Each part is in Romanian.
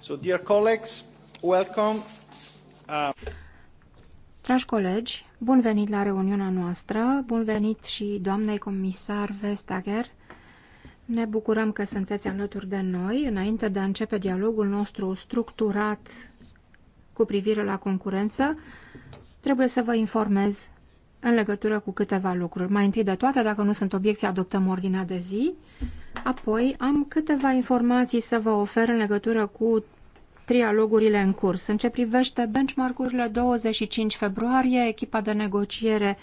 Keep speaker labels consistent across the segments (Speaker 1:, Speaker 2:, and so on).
Speaker 1: So, dear colleagues, welcome. Uh... Dragi colegi, bun venit la reuniunea noastră, bun venit și doamnei comisar Vestager. Ne bucurăm că sunteți alături de noi. Înainte de a începe dialogul nostru structurat cu privire la concurență, trebuie să vă informez în legătură cu câteva lucruri. Mai întâi de toate, dacă nu sunt obiecții, adoptăm ordinea de zi. Apoi am câteva informații să vă ofer în legătură cu trialogurile în curs. În ce privește benchmark-urile, 25 februarie, echipa de negociere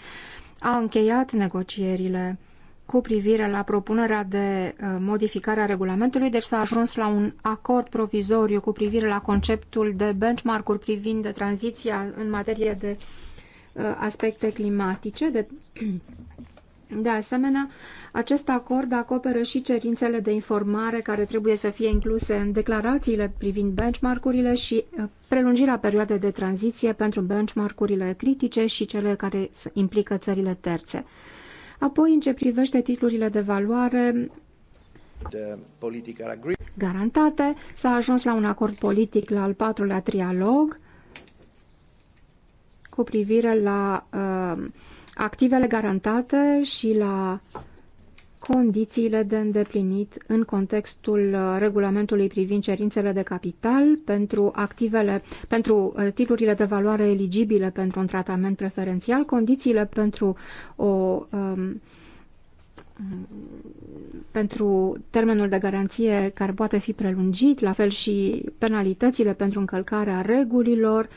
Speaker 1: a încheiat negocierile cu privire la propunerea de uh, modificare a regulamentului, deci s-a ajuns la un acord provizoriu cu privire la conceptul de benchmark-uri privind de tranziția în materie de uh, aspecte climatice, de de asemenea, acest acord acoperă și cerințele de informare care trebuie să fie incluse în declarațiile privind benchmarkurile și uh, prelungirea perioadei de tranziție pentru benchmarkurile critice și cele care implică țările terțe. Apoi, în ce privește titlurile de valoare garantate, s-a ajuns la un acord politic la al patrulea trialog cu privire la uh, activele garantate și la condițiile de îndeplinit în contextul uh, regulamentului privind cerințele de capital pentru activele, pentru uh, titlurile de valoare eligibile pentru un tratament preferențial, condițiile pentru o um, pentru termenul de garanție care poate fi prelungit, la fel și penalitățile pentru încălcarea regulilor, uh,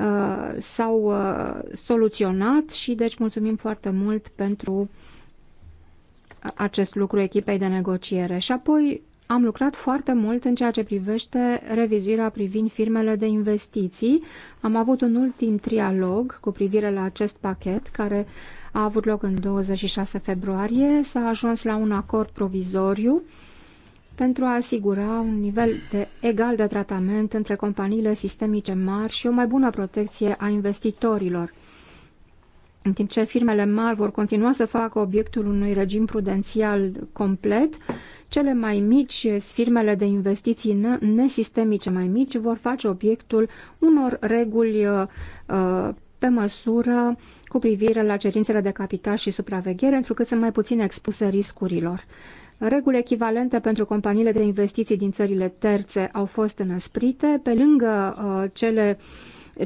Speaker 1: Uh, s-au uh, soluționat și deci mulțumim foarte mult pentru acest lucru echipei de negociere. Și apoi am lucrat foarte mult în ceea ce privește revizuirea privind firmele de investiții. Am avut un ultim trialog cu privire la acest pachet care a avut loc în 26 februarie. S-a ajuns la un acord provizoriu uh, pentru a asigura un nivel de egal de tratament între companiile sistemice mari și o mai bună protecție a investitorilor. În timp ce firmele mari vor continua să facă obiectul unui regim prudențial complet, cele mai mici, firmele de investiții nesistemice mai mici, vor face obiectul unor reguli uh, pe măsură cu privire la cerințele de capital și supraveghere, întrucât sunt mai puțin expuse riscurilor. Reguli echivalente pentru companiile de investiții din țările terțe au fost înăsprite, pe lângă uh, cele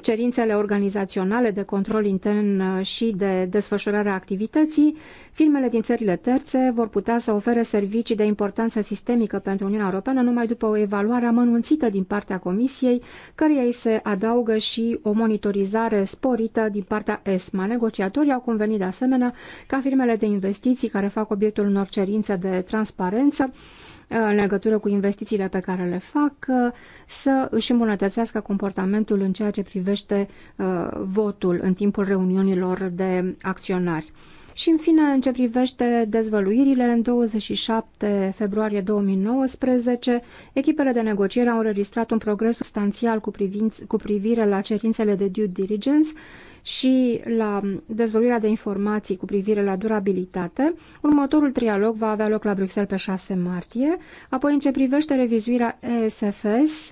Speaker 1: cerințele organizaționale de control intern uh, și de desfășurare a activității, firmele din țările terțe vor putea să ofere servicii de importanță sistemică pentru Uniunea Europeană numai după o evaluare amănunțită din partea Comisiei, căreia ei se adaugă și o monitorizare sporită din partea ESMA. Negociatorii au convenit de asemenea ca firmele de investiții care fac obiectul unor cerințe de transparență în legătură cu investițiile pe care le fac, uh, să își îmbunătățească comportamentul în ceea ce privește uh, votul în timpul reuniunilor de acționari. Și în fine, în ce privește dezvăluirile, în 27 februarie 2019, echipele de negociere au înregistrat un progres substanțial cu, privinț, cu privire la cerințele de due diligence și la dezvoltarea de informații cu privire la durabilitate. Următorul trialog va avea loc la Bruxelles pe 6 martie. Apoi, în ce privește revizuirea ESFS,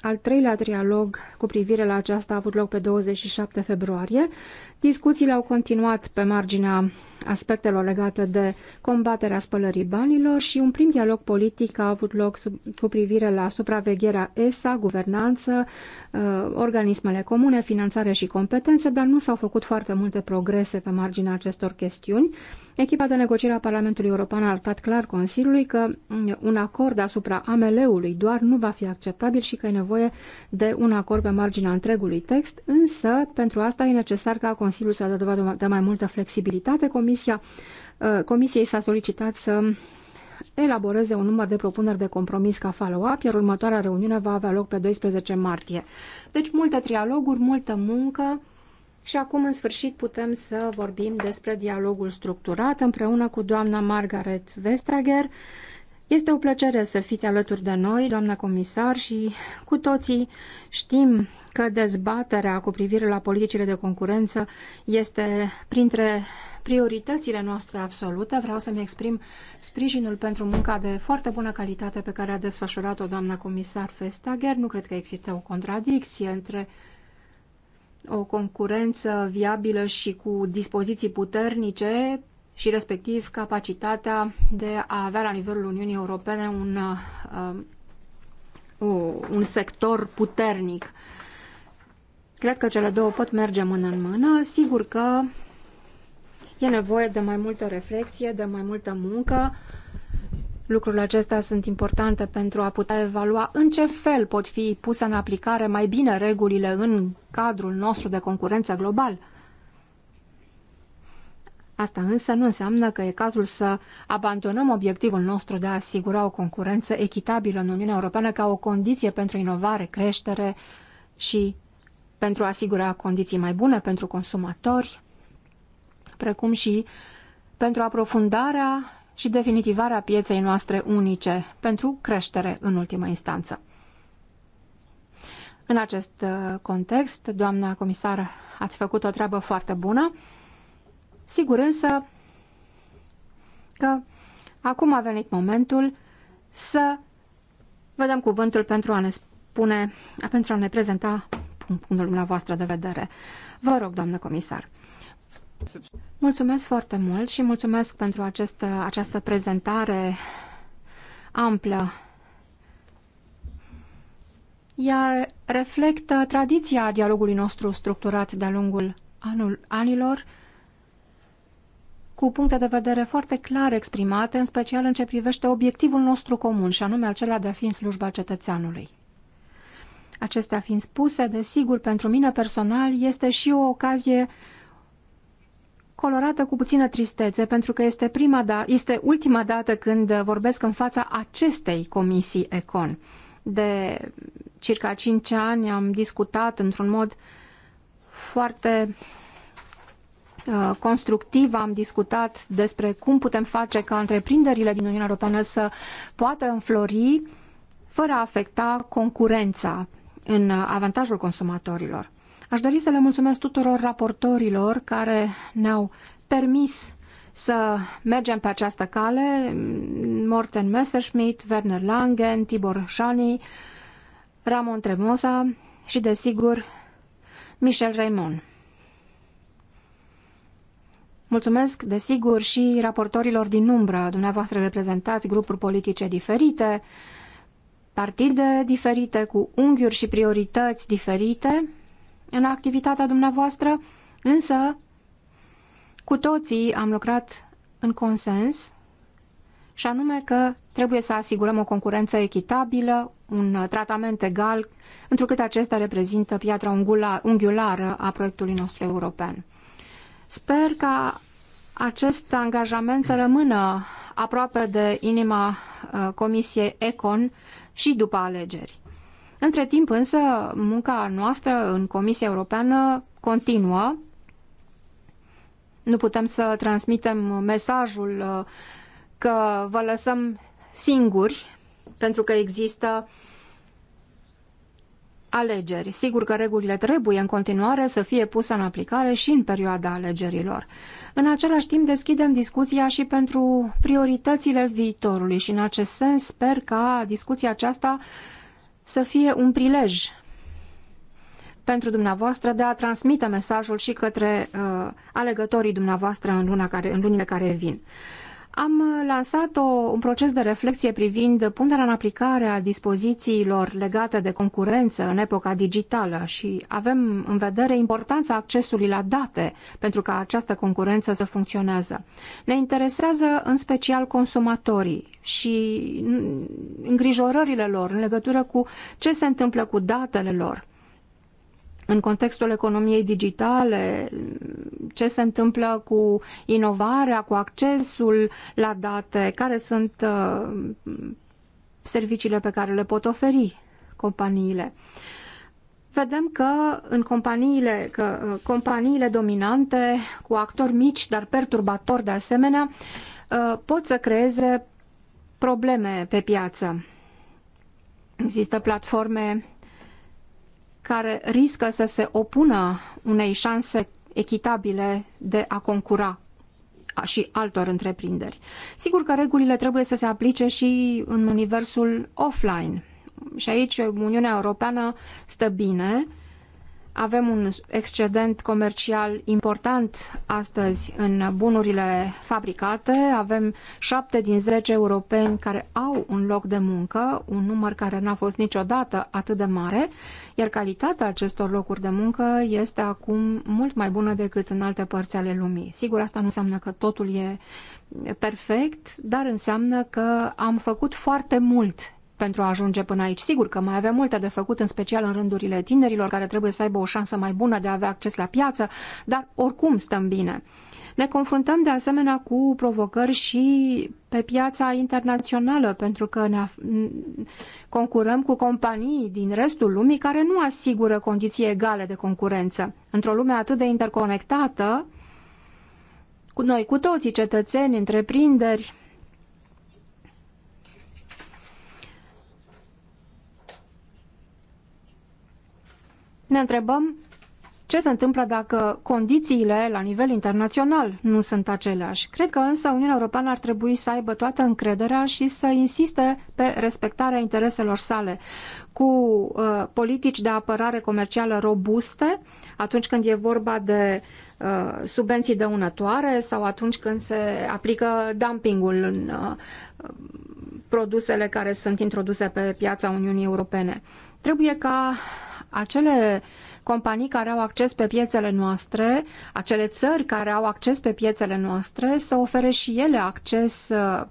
Speaker 1: al treilea trialog cu privire la aceasta a avut loc pe 27 februarie. Discuțiile au continuat pe marginea aspectelor legate de combaterea spălării banilor și un prim dialog politic a avut loc sub, cu privire la supravegherea ESA, guvernanță, uh, organismele comune, finanțare și competențe, dar nu s-au făcut foarte multe progrese pe marginea acestor chestiuni. Echipa de negociere a Parlamentului European a arătat clar Consiliului că un acord asupra AML-ului doar nu va fi acceptabil și că e nevoie de un acord pe marginea întregului text, însă pentru asta e necesar ca Consiliul să dea dovadă de mai multă flexibilitate. Comisia, uh, comisiei s-a solicitat să elaboreze un număr de propuneri de compromis ca follow-up, iar următoarea reuniune va avea loc pe 12 martie. Deci multe trialoguri, multă muncă, și acum, în sfârșit, putem să vorbim despre dialogul structurat împreună cu doamna Margaret Vestager. Este o plăcere să fiți alături de noi, doamna comisar, și cu toții știm că dezbaterea cu privire la politicile de concurență este printre prioritățile noastre absolute. Vreau să-mi exprim sprijinul pentru munca de foarte bună calitate pe care a desfășurat-o doamna comisar Vestager. Nu cred că există o contradicție între o concurență viabilă și cu dispoziții puternice și respectiv capacitatea de a avea la nivelul Uniunii Europene un, uh, un sector puternic. Cred că cele două pot merge mână în mână. Sigur că e nevoie de mai multă reflexie, de mai multă muncă, uh, Lucrurile acestea sunt importante pentru a putea evalua în ce fel pot fi puse în aplicare mai bine regulile în cadrul nostru de concurență global. Asta însă nu înseamnă că e cazul să abandonăm obiectivul nostru de a asigura o concurență echitabilă în Uniunea Europeană ca o condiție pentru inovare, creștere și pentru a asigura condiții mai bune pentru consumatori, precum și pentru aprofundarea și definitivarea pieței noastre unice pentru creștere în ultimă instanță. În acest uh, context, doamna comisar, ați făcut o treabă foarte bună. Sigur însă că acum a venit momentul să vă dăm cuvântul pentru a ne spune, pentru a ne prezenta punctul dumneavoastră de vedere. Vă rog, doamnă comisar. Mulțumesc foarte mult și mulțumesc pentru această, această prezentare amplă. Ea reflectă tradiția dialogului nostru structurat de-a lungul anul, anilor, cu puncte de vedere foarte clar exprimate, în special în ce privește obiectivul nostru comun, și anume acela de a fi în slujba cetățeanului. Acestea fiind spuse, desigur, pentru mine personal este și o ocazie colorată cu puțină tristețe, pentru că este, prima da- este ultima dată când vorbesc în fața acestei comisii ECON. De circa 5 ani am discutat într-un mod foarte uh, constructiv am discutat despre cum putem face ca întreprinderile din Uniunea Europeană să poată înflori fără a afecta concurența în avantajul consumatorilor. Aș dori să le mulțumesc tuturor raportorilor care ne-au permis să mergem pe această cale, Morten Messerschmidt, Werner Langen, Tibor Shani, Ramon Tremosa și, desigur, Michel Raymond. Mulțumesc, desigur, și raportorilor din umbră, dumneavoastră reprezentați grupuri politice diferite, partide diferite, cu unghiuri și priorități diferite, în activitatea dumneavoastră, însă cu toții am lucrat în consens și anume că trebuie să asigurăm o concurență echitabilă, un tratament egal, întrucât acesta reprezintă piatra unghiulară a proiectului nostru european. Sper ca acest angajament să rămână aproape de inima uh, Comisiei Econ și după alegeri. Între timp însă munca noastră în Comisia Europeană continuă. Nu putem să transmitem mesajul uh, că vă lăsăm singuri pentru că există alegeri. Sigur că regulile trebuie în continuare să fie puse în aplicare și în perioada alegerilor. În același timp deschidem discuția și pentru prioritățile viitorului și în acest sens sper ca discuția aceasta să fie un prilej pentru dumneavoastră de a transmite mesajul și către uh, alegătorii dumneavoastră în, luna care, în lunile care vin am lansat o, un proces de reflexie privind punerea în aplicare a dispozițiilor legate de concurență în epoca digitală și avem în vedere importanța accesului la date pentru ca această concurență să funcționează. Ne interesează în special consumatorii și îngrijorările lor în legătură cu ce se întâmplă cu datele lor în contextul economiei digitale, ce se întâmplă cu inovarea, cu accesul la date, care sunt uh, serviciile pe care le pot oferi companiile. Vedem că în companiile, că uh, companiile dominante cu actori mici, dar perturbatori de asemenea, uh, pot să creeze probleme pe piață. Există platforme care riscă să se opună unei șanse echitabile de a concura și altor întreprinderi. Sigur că regulile trebuie să se aplice și în universul offline. Și aici Uniunea Europeană stă bine, avem un excedent comercial important astăzi în bunurile fabricate. Avem 7 din 10 europeni care au un loc de muncă, un număr care n-a fost niciodată atât de mare, iar calitatea acestor locuri de muncă este acum mult mai bună decât în alte părți ale lumii. Sigur, asta nu înseamnă că totul e perfect, dar înseamnă că am făcut foarte mult pentru a ajunge până aici. Sigur că mai avem multe de făcut, în special în rândurile tinerilor, care trebuie să aibă o șansă mai bună de a avea acces la piață, dar oricum stăm bine. Ne confruntăm de asemenea cu provocări și pe piața internațională, pentru că ne concurăm cu companii din restul lumii care nu asigură condiții egale de concurență. Într-o lume atât de interconectată, cu noi cu toții, cetățeni, întreprinderi, ne întrebăm ce se întâmplă dacă condițiile la nivel internațional nu sunt aceleași. Cred că însă Uniunea Europeană ar trebui să aibă toată încrederea și să insiste pe respectarea intereselor sale cu uh, politici de apărare comercială robuste atunci când e vorba de uh, subvenții dăunătoare sau atunci când se aplică dumpingul în uh, produsele care sunt introduse pe piața Uniunii Europene. Trebuie ca acele companii care au acces pe piețele noastre, acele țări care au acces pe piețele noastre, să ofere și ele acces uh,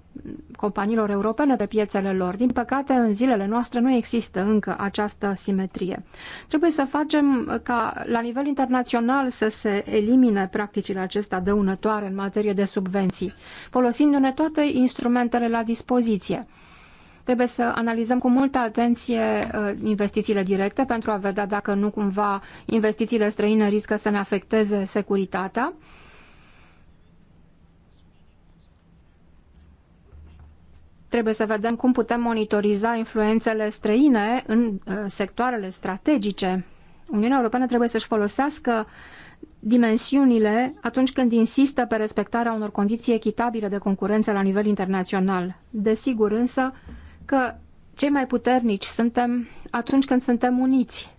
Speaker 1: companiilor europene pe piețele lor. Din păcate, în zilele noastre nu există încă această simetrie. Trebuie să facem uh, ca la nivel internațional să se elimine practicile acestea dăunătoare în materie de subvenții, folosindu-ne toate instrumentele la dispoziție. Trebuie să analizăm cu multă atenție uh, investițiile directe pentru a vedea dacă nu cumva investițiile străine riscă să ne afecteze securitatea. Trebuie să vedem cum putem monitoriza influențele străine în uh, sectoarele strategice. Uniunea Europeană trebuie să-și folosească dimensiunile atunci când insistă pe respectarea unor condiții echitabile de concurență la nivel internațional. Desigur însă, că cei mai puternici suntem atunci când suntem uniți.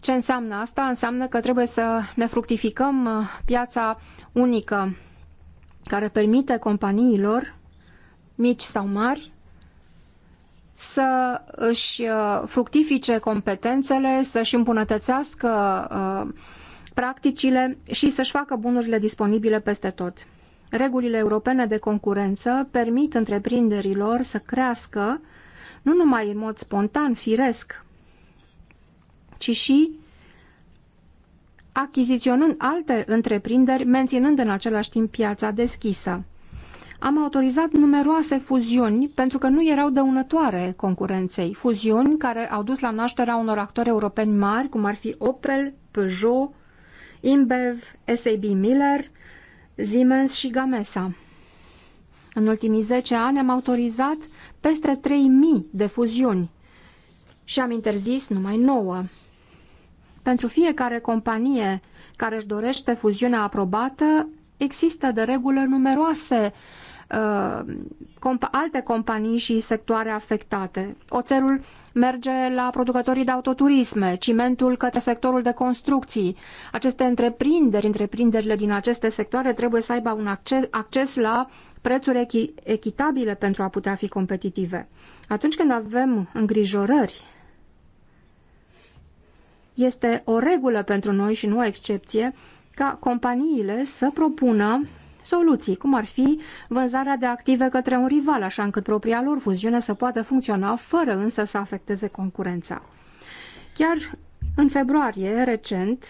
Speaker 1: Ce înseamnă asta? Înseamnă că trebuie să ne fructificăm uh, piața unică care permite companiilor mici sau mari să își uh, fructifice competențele, să-și îmbunătățească uh, practicile și să-și facă bunurile disponibile peste tot. Regulile europene de concurență permit întreprinderilor să crească nu numai în mod spontan, firesc, ci și achiziționând alte întreprinderi, menținând în același timp piața deschisă. Am autorizat numeroase fuziuni pentru că nu erau dăunătoare concurenței. Fuziuni care au dus la nașterea unor actori europeni mari, cum ar fi Opel, Peugeot, InBev, SAB Miller, Siemens și Gamesa. În ultimii 10 ani am autorizat peste 3.000 de fuziuni și am interzis numai 9. Pentru fiecare companie care își dorește fuziunea aprobată, există de regulă numeroase Uh, alte companii și sectoare afectate. Oțelul merge la producătorii de autoturisme, cimentul către sectorul de construcții. Aceste întreprinderi, întreprinderile din aceste sectoare trebuie să aibă un acces, acces la prețuri echi, echitabile pentru a putea fi competitive. Atunci când avem îngrijorări, este o regulă pentru noi și nu o excepție ca companiile să propună soluții, cum ar fi vânzarea de active către un rival, așa încât propria lor fuziune să poată funcționa fără însă să afecteze concurența. Chiar în februarie, recent,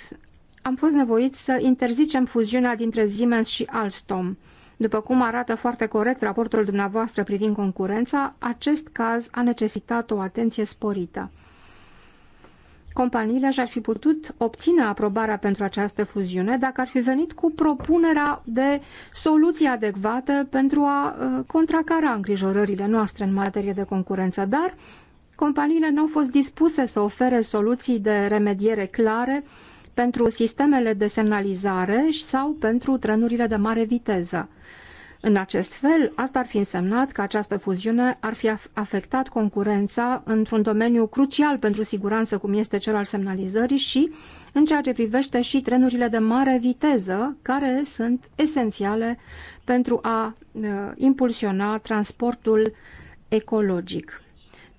Speaker 1: am fost nevoit să interzicem fuziunea dintre Siemens și Alstom. După cum arată foarte corect raportul dumneavoastră privind concurența, acest caz a necesitat o atenție sporită companiile și-ar fi putut obține aprobarea pentru această fuziune dacă ar fi venit cu propunerea de soluție adecvată pentru a uh, contracara îngrijorările noastre în materie de concurență, dar companiile nu au fost dispuse să ofere soluții de remediere clare pentru sistemele de semnalizare sau pentru trenurile de mare viteză. În acest fel, asta ar fi însemnat că această fuziune ar fi afectat concurența într-un domeniu crucial pentru siguranță, cum este cel al semnalizării și în ceea ce privește și trenurile de mare viteză, care sunt esențiale pentru a uh, impulsiona transportul ecologic.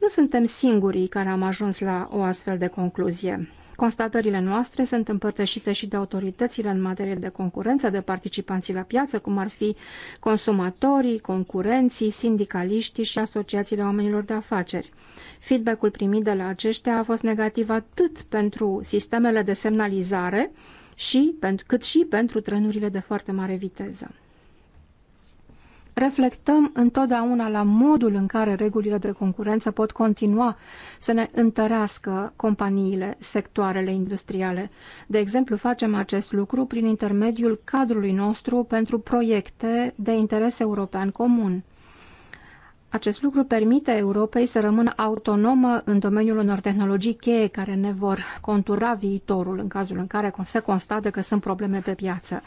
Speaker 1: Nu suntem singurii care am ajuns la o astfel de concluzie. Constatările noastre sunt împărtășite și de autoritățile în materie de concurență, de participanții la piață, cum ar fi consumatorii, concurenții, sindicaliștii și asociațiile oamenilor de afaceri. Feedback-ul primit de la aceștia a fost negativ atât pentru sistemele de semnalizare, și, cât și pentru trenurile de foarte mare viteză reflectăm întotdeauna la modul în care regulile de concurență pot continua să ne întărească companiile, sectoarele industriale. De exemplu, facem acest lucru prin intermediul cadrului nostru pentru proiecte de interes european comun. Acest lucru permite Europei să rămână autonomă în domeniul unor tehnologii cheie care ne vor contura viitorul în cazul în care se constată că sunt probleme pe piață.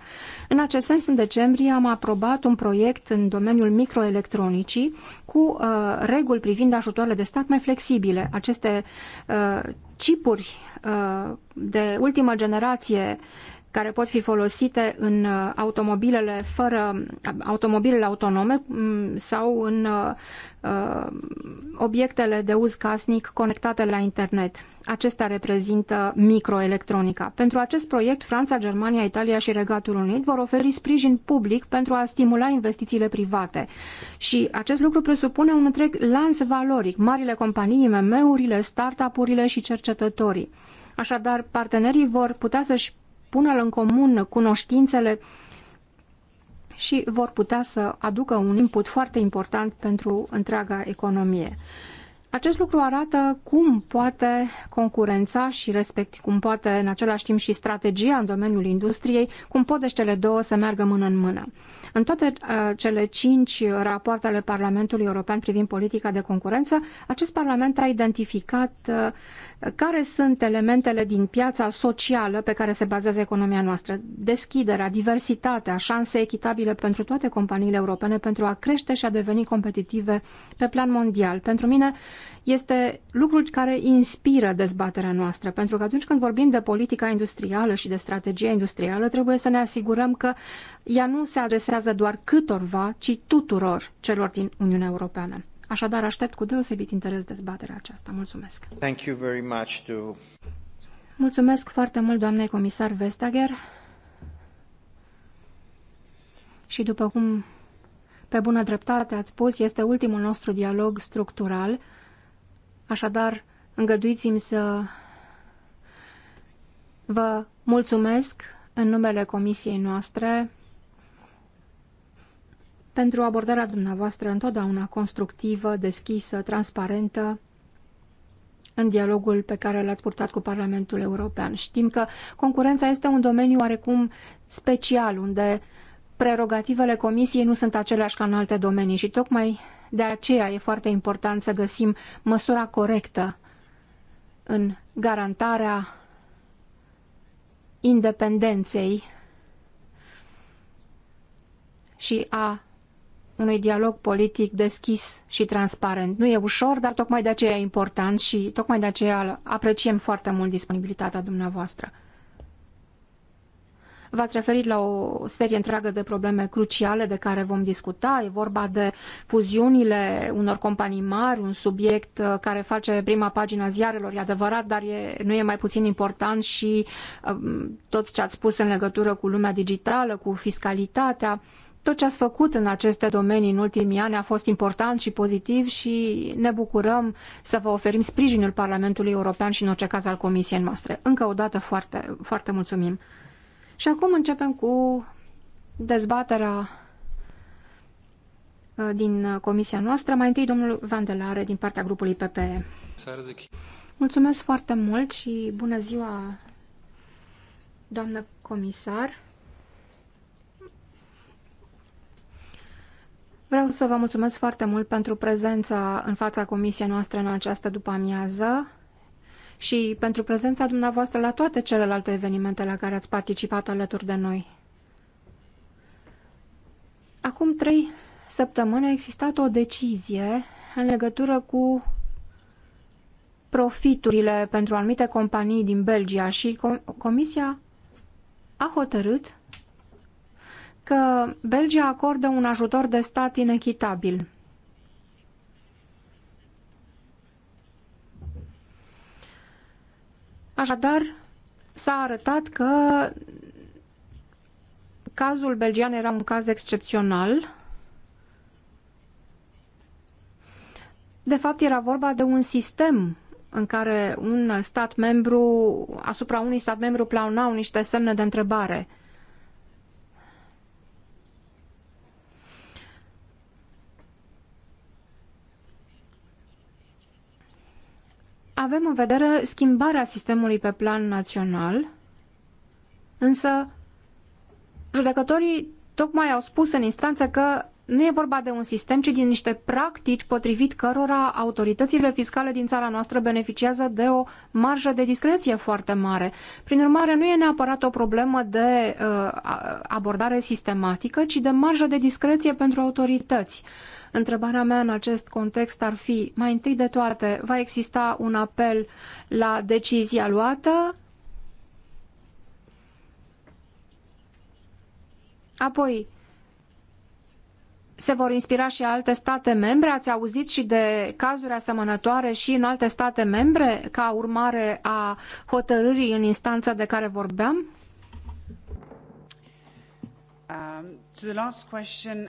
Speaker 1: În acest sens, în decembrie am aprobat un proiect în domeniul microelectronicii cu uh, reguli privind ajutoarele de stat mai flexibile. Aceste uh, chipuri uh, de ultimă generație care pot fi folosite în uh, automobilele fără automobilele autonome mm, sau în uh, uh, obiectele de uz casnic conectate la internet. Acestea reprezintă microelectronica. Pentru acest proiect, Franța, Germania, Italia și Regatul Unit vor oferi sprijin public pentru a stimula investițiile private. Și acest lucru presupune un întreg lanț valoric, marile companii, IMM-urile, startup-urile și cercetătorii. Așadar, partenerii vor putea să-și pună în comun cunoștințele și vor putea să aducă un input foarte important pentru întreaga economie. Acest lucru arată cum poate concurența și respect, cum poate în același timp și strategia în domeniul industriei, cum pot deci cele două să meargă mână în mână. În toate uh, cele cinci rapoarte ale Parlamentului European privind politica de concurență, acest Parlament a identificat uh, care sunt elementele din piața socială pe care se bazează economia noastră. Deschiderea, diversitatea, șanse echitabile pentru toate companiile europene pentru a crește și a deveni competitive pe plan mondial. Pentru mine este lucrul care inspiră dezbaterea noastră, pentru că atunci când vorbim de politica industrială și de strategia industrială, trebuie să ne asigurăm că ea nu se adresează doar câtorva, ci tuturor celor din Uniunea Europeană. Așadar, aștept cu deosebit interes dezbaterea aceasta.
Speaker 2: Mulțumesc! Thank you very much to...
Speaker 1: Mulțumesc foarte mult, doamnei comisar Vestager. Și după cum pe bună dreptate ați spus, este ultimul nostru dialog structural. Așadar, îngăduiți-mi să vă mulțumesc în numele comisiei noastre pentru abordarea dumneavoastră întotdeauna constructivă, deschisă, transparentă în dialogul pe care l-ați purtat cu Parlamentul European. Știm că concurența este un domeniu oarecum special, unde prerogativele Comisiei nu sunt aceleași ca în alte domenii și tocmai de aceea e foarte important să găsim măsura corectă în garantarea independenței și a unui dialog politic deschis și transparent. Nu e ușor, dar tocmai de aceea e important și tocmai de aceea apreciem foarte mult disponibilitatea dumneavoastră. V-ați referit la o serie întreagă de probleme cruciale de care vom discuta. E vorba de fuziunile unor companii mari, un subiect uh, care face prima pagina ziarelor, e adevărat, dar e, nu e mai puțin important și uh, tot ce ați spus în legătură cu lumea digitală, cu fiscalitatea. Tot ce ați făcut în aceste domenii în ultimii ani a fost important și pozitiv și ne bucurăm să vă oferim sprijinul Parlamentului European și în orice caz al Comisiei noastre. Încă o dată foarte, foarte mulțumim. Și acum începem cu dezbaterea uh, din comisia noastră. Mai întâi domnul Vandelare din partea grupului PPE. Mulțumesc foarte mult și bună ziua, doamnă comisar. Vreau să vă mulțumesc foarte mult pentru prezența în fața comisiei noastre în această după-amiază și pentru prezența dumneavoastră la toate celelalte evenimente la care ați participat alături de noi. Acum trei săptămâni a existat o decizie în legătură cu profiturile pentru anumite companii din Belgia și Comisia a hotărât că Belgia acordă un ajutor de stat inechitabil. Așadar, s-a arătat că cazul belgian era un caz excepțional. De fapt, era vorba de un sistem în care un stat membru, asupra unui stat membru plaunau niște semne de întrebare – avem în vedere schimbarea sistemului pe plan național, însă judecătorii tocmai au spus în instanță că nu e vorba de un sistem, ci din niște practici potrivit cărora autoritățile fiscale din țara noastră beneficiază de o marjă de discreție foarte mare. Prin urmare, nu e neapărat o problemă de uh, abordare sistematică, ci de marjă de discreție pentru autorități. Întrebarea mea în acest context ar fi, mai întâi de toate, va exista un apel la decizia luată? Apoi, se vor inspira și alte state membre? Ați auzit și de cazuri asemănătoare și în alte state membre ca urmare a hotărârii în instanța de care vorbeam?
Speaker 3: Um,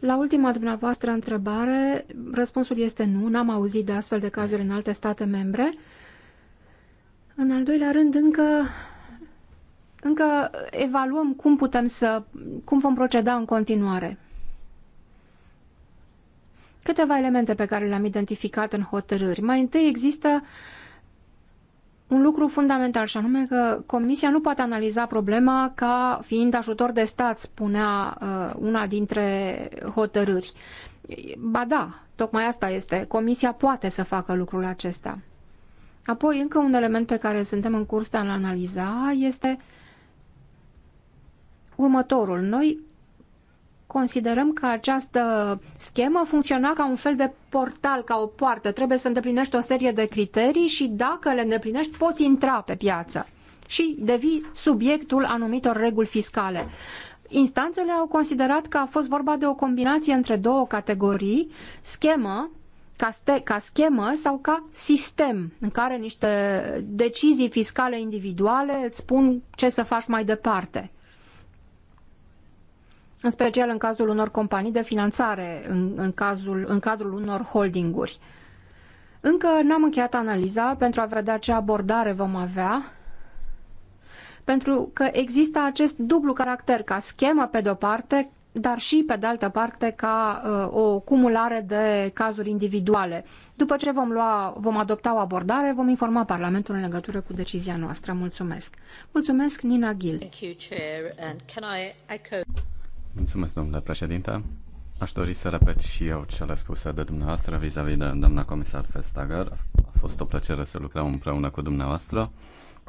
Speaker 1: la ultima dumneavoastră întrebare, răspunsul este nu, n-am auzit de astfel de cazuri în alte state membre. În al doilea rând, încă încă evaluăm cum putem să, cum vom proceda în continuare câteva elemente pe care le-am identificat în hotărâri. Mai întâi există un lucru fundamental și anume că Comisia nu poate analiza problema ca fiind ajutor de stat, spunea uh, una dintre hotărâri. Ba da, tocmai asta este. Comisia poate să facă lucrul acesta. Apoi, încă un element pe care suntem în curs de a-l analiza este următorul. Noi considerăm că această schemă funcționa ca un fel de portal, ca o poartă. Trebuie să îndeplinești o serie de criterii și dacă le îndeplinești, poți intra pe piață și devii subiectul anumitor reguli fiscale. Instanțele au considerat că a fost vorba de o combinație între două categorii, schemă, ca, ste, ca schemă sau ca sistem, în care niște decizii fiscale individuale îți spun ce să faci mai departe în special în cazul unor companii de finanțare, în, în, cazul, în cadrul unor holdinguri. Încă n-am încheiat analiza pentru a vedea ce abordare vom avea, pentru că există acest dublu caracter ca schemă pe de-o parte, dar și pe de altă parte ca uh, o cumulare de cazuri individuale. După ce vom, lua, vom adopta o abordare, vom informa Parlamentul în legătură cu decizia noastră. Mulțumesc. Mulțumesc, Nina Gil.
Speaker 2: Mulțumesc, domnule președinte. Aș dori să repet și eu le spuse de dumneavoastră vis-a-vis -vis de doamna comisar Festager. A fost o plăcere să lucrăm împreună cu dumneavoastră.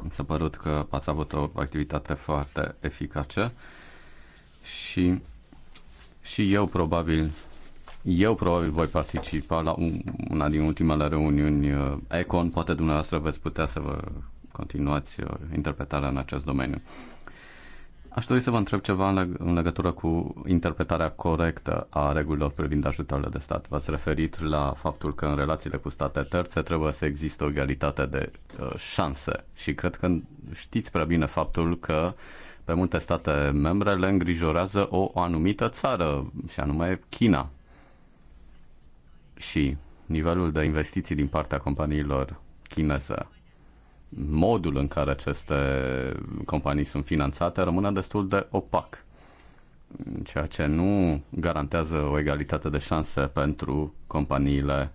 Speaker 2: Mi s-a părut că ați avut o activitate foarte eficace și, și eu probabil eu probabil voi participa la una din ultimele reuniuni uh, Econ, poate dumneavoastră veți putea să vă continuați uh, interpretarea în acest domeniu. Aș dori să vă întreb ceva în, leg- în legătură cu interpretarea corectă a regulilor privind ajutoarele de stat. V-ați referit la faptul că în relațiile cu state terțe trebuie să existe o egalitate de uh, șanse și cred că știți prea bine faptul că pe multe state membre le îngrijorează o, o anumită țară, și anume China. Și nivelul de investiții din partea companiilor chineze modul în care aceste companii sunt finanțate rămâne destul de opac, ceea ce nu garantează o egalitate de șanse pentru companiile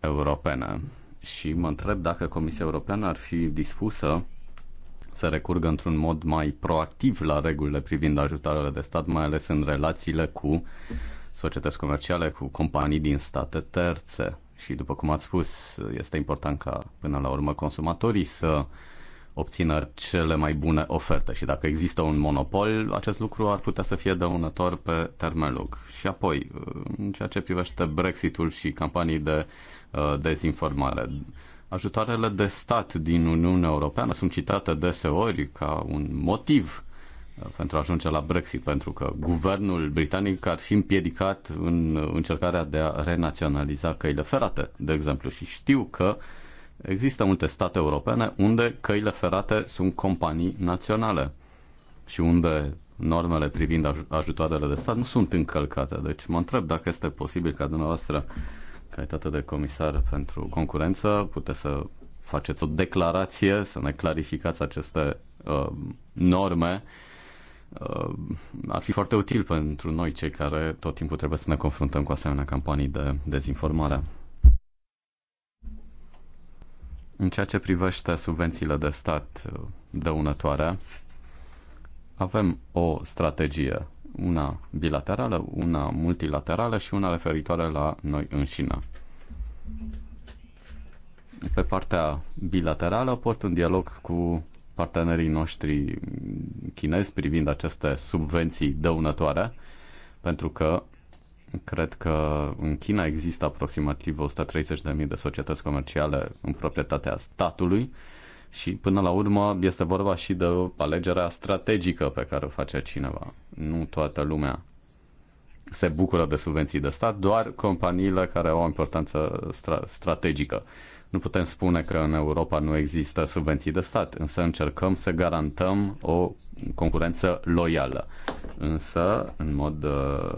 Speaker 2: europene. Și mă întreb dacă Comisia Europeană ar fi dispusă să recurgă într-un mod mai proactiv la regulile privind ajutoarele de stat, mai ales în relațiile cu societăți comerciale, cu companii din state terțe și, după cum ați spus, este important ca, până la urmă, consumatorii să obțină cele mai bune oferte și dacă există un monopol, acest lucru ar putea să fie dăunător pe termen lung. Și apoi, în ceea ce privește Brexitul și campanii de uh, dezinformare, ajutoarele de stat din Uniunea Europeană sunt citate deseori ca un motiv pentru a ajunge la Brexit, pentru că guvernul britanic ar fi împiedicat în încercarea de a renaționaliza căile ferate, de exemplu. Și știu că există multe state europene unde căile ferate sunt companii naționale și unde normele privind aj- ajutoarele de stat nu sunt încălcate. Deci mă întreb dacă este posibil ca dumneavoastră, calitate de comisar pentru concurență, puteți să faceți o declarație, să ne clarificați aceste uh, norme Uh, ar fi foarte util pentru noi, cei care tot timpul trebuie să ne confruntăm cu asemenea campanii de dezinformare. În ceea ce privește subvențiile de stat uh, dăunătoare, avem o strategie, una bilaterală, una multilaterală și una referitoare la noi înșine. Pe partea bilaterală port un dialog cu partenerii noștri chinezi privind aceste subvenții dăunătoare, pentru că cred că în China există aproximativ 130.000 de societăți comerciale în proprietatea statului și până la urmă este vorba și de alegerea strategică pe care o face cineva. Nu toată lumea se bucură de subvenții de stat, doar companiile care au o importanță stra- strategică. Nu putem spune că în Europa nu există subvenții de stat, însă încercăm să garantăm o concurență loială. Însă, în mod uh,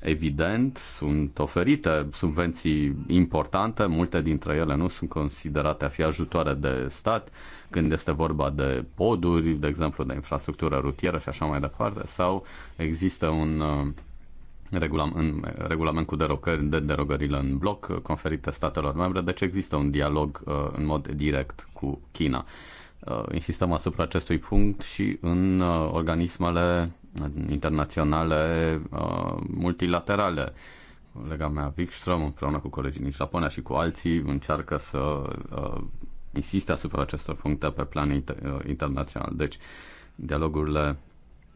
Speaker 2: evident, sunt oferite subvenții importante, multe dintre ele nu sunt considerate a fi ajutoare de stat, când este vorba de poduri, de exemplu, de infrastructură rutieră și așa mai departe, sau există un uh, Regulamentul regulament cu derogări, de derogările în bloc uh, conferite statelor membre, deci există un dialog uh, în mod direct cu China. Uh, insistăm asupra acestui punct și în organismele internaționale multilaterale. Colega mea Wikström, împreună cu colegii din Japonia și cu alții, încearcă să insiste asupra acestor puncte pe plan inter- internațional. Deci, dialogurile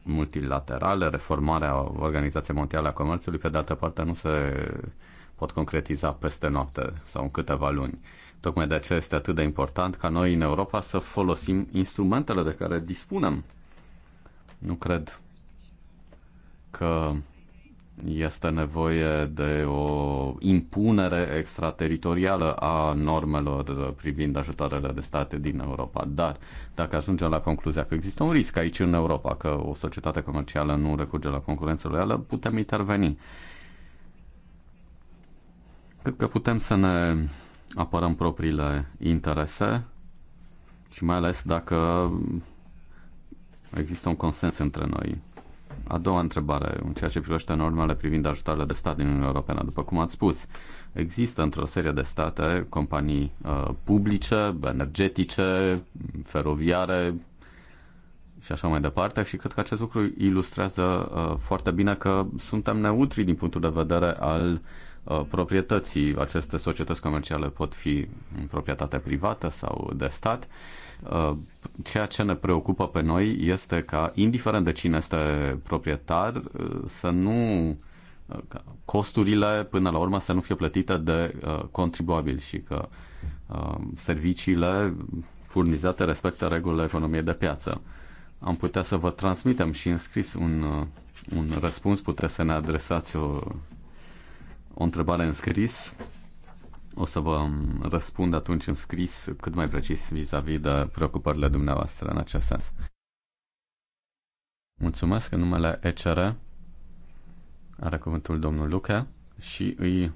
Speaker 2: multilaterale, reformarea Organizației Mondiale a Comerțului, pe de altă parte nu se pot concretiza peste noapte sau în câteva luni. Tocmai de aceea este atât de important ca noi în Europa să folosim instrumentele de care dispunem. Nu cred că este nevoie de o impunere extrateritorială a normelor privind ajutoarele de state din Europa. Dar dacă ajungem la concluzia că există un risc aici în Europa, că o societate comercială nu recurge la concurență loială, putem interveni. Cred că putem să ne apărăm propriile interese și mai ales dacă există un consens între noi a doua întrebare, în ceea ce privește normele privind ajutoarele de stat din Uniunea Europeană, după cum ați spus, există într-o serie de state companii uh, publice, energetice, feroviare și așa mai departe și cred că acest lucru ilustrează uh, foarte bine că suntem neutri din punctul de vedere al uh, proprietății. Aceste societăți comerciale pot fi proprietate privată sau de stat. Uh, Uh, ceea ce ne preocupă pe noi este ca, indiferent de cine este proprietar, uh, să nu uh, costurile până la urmă să nu fie plătite de contribuabil și că serviciile furnizate respectă regulile economiei de piață. Am putea să vă transmitem și în scris un, un răspuns, puteți să ne adresați o, o întrebare în scris o să vă um, răspund atunci în scris cât mai precis vis-a-vis -vis de preocupările dumneavoastră în acest sens. Mulțumesc în numele ECR. Are cuvântul domnul Luca și îi